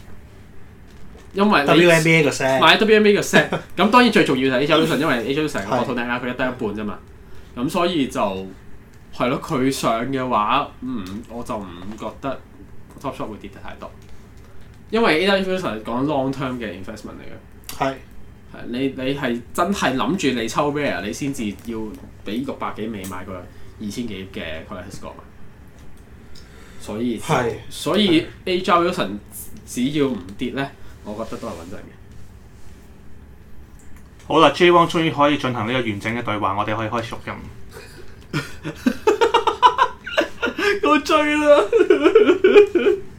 因為 WNBA 個 set，買 WNBA 個 set，咁當然最重要就係 A'ja Wilson，因為 A'ja Wilson 個 total value 佢得一半啫嘛，咁的所以就係咯，佢上嘅話，嗯，我就唔覺得 Top Shot 會跌得太多，因為 A'ja Wilson 講 long term 嘅 investment 嚟嘅，係的，係，你你係真係諗住你抽 rare，你先至要俾六百幾美買個二千幾嘅 Collector Score，所以係，的所以 A'ja Wilson 只要唔跌咧。我覺得都係穩陣嘅。好啦，J One 終於可以進行呢個完整嘅對話，我哋可以開始錄音。 [LAUGHS] 我醉啦了！ [LAUGHS]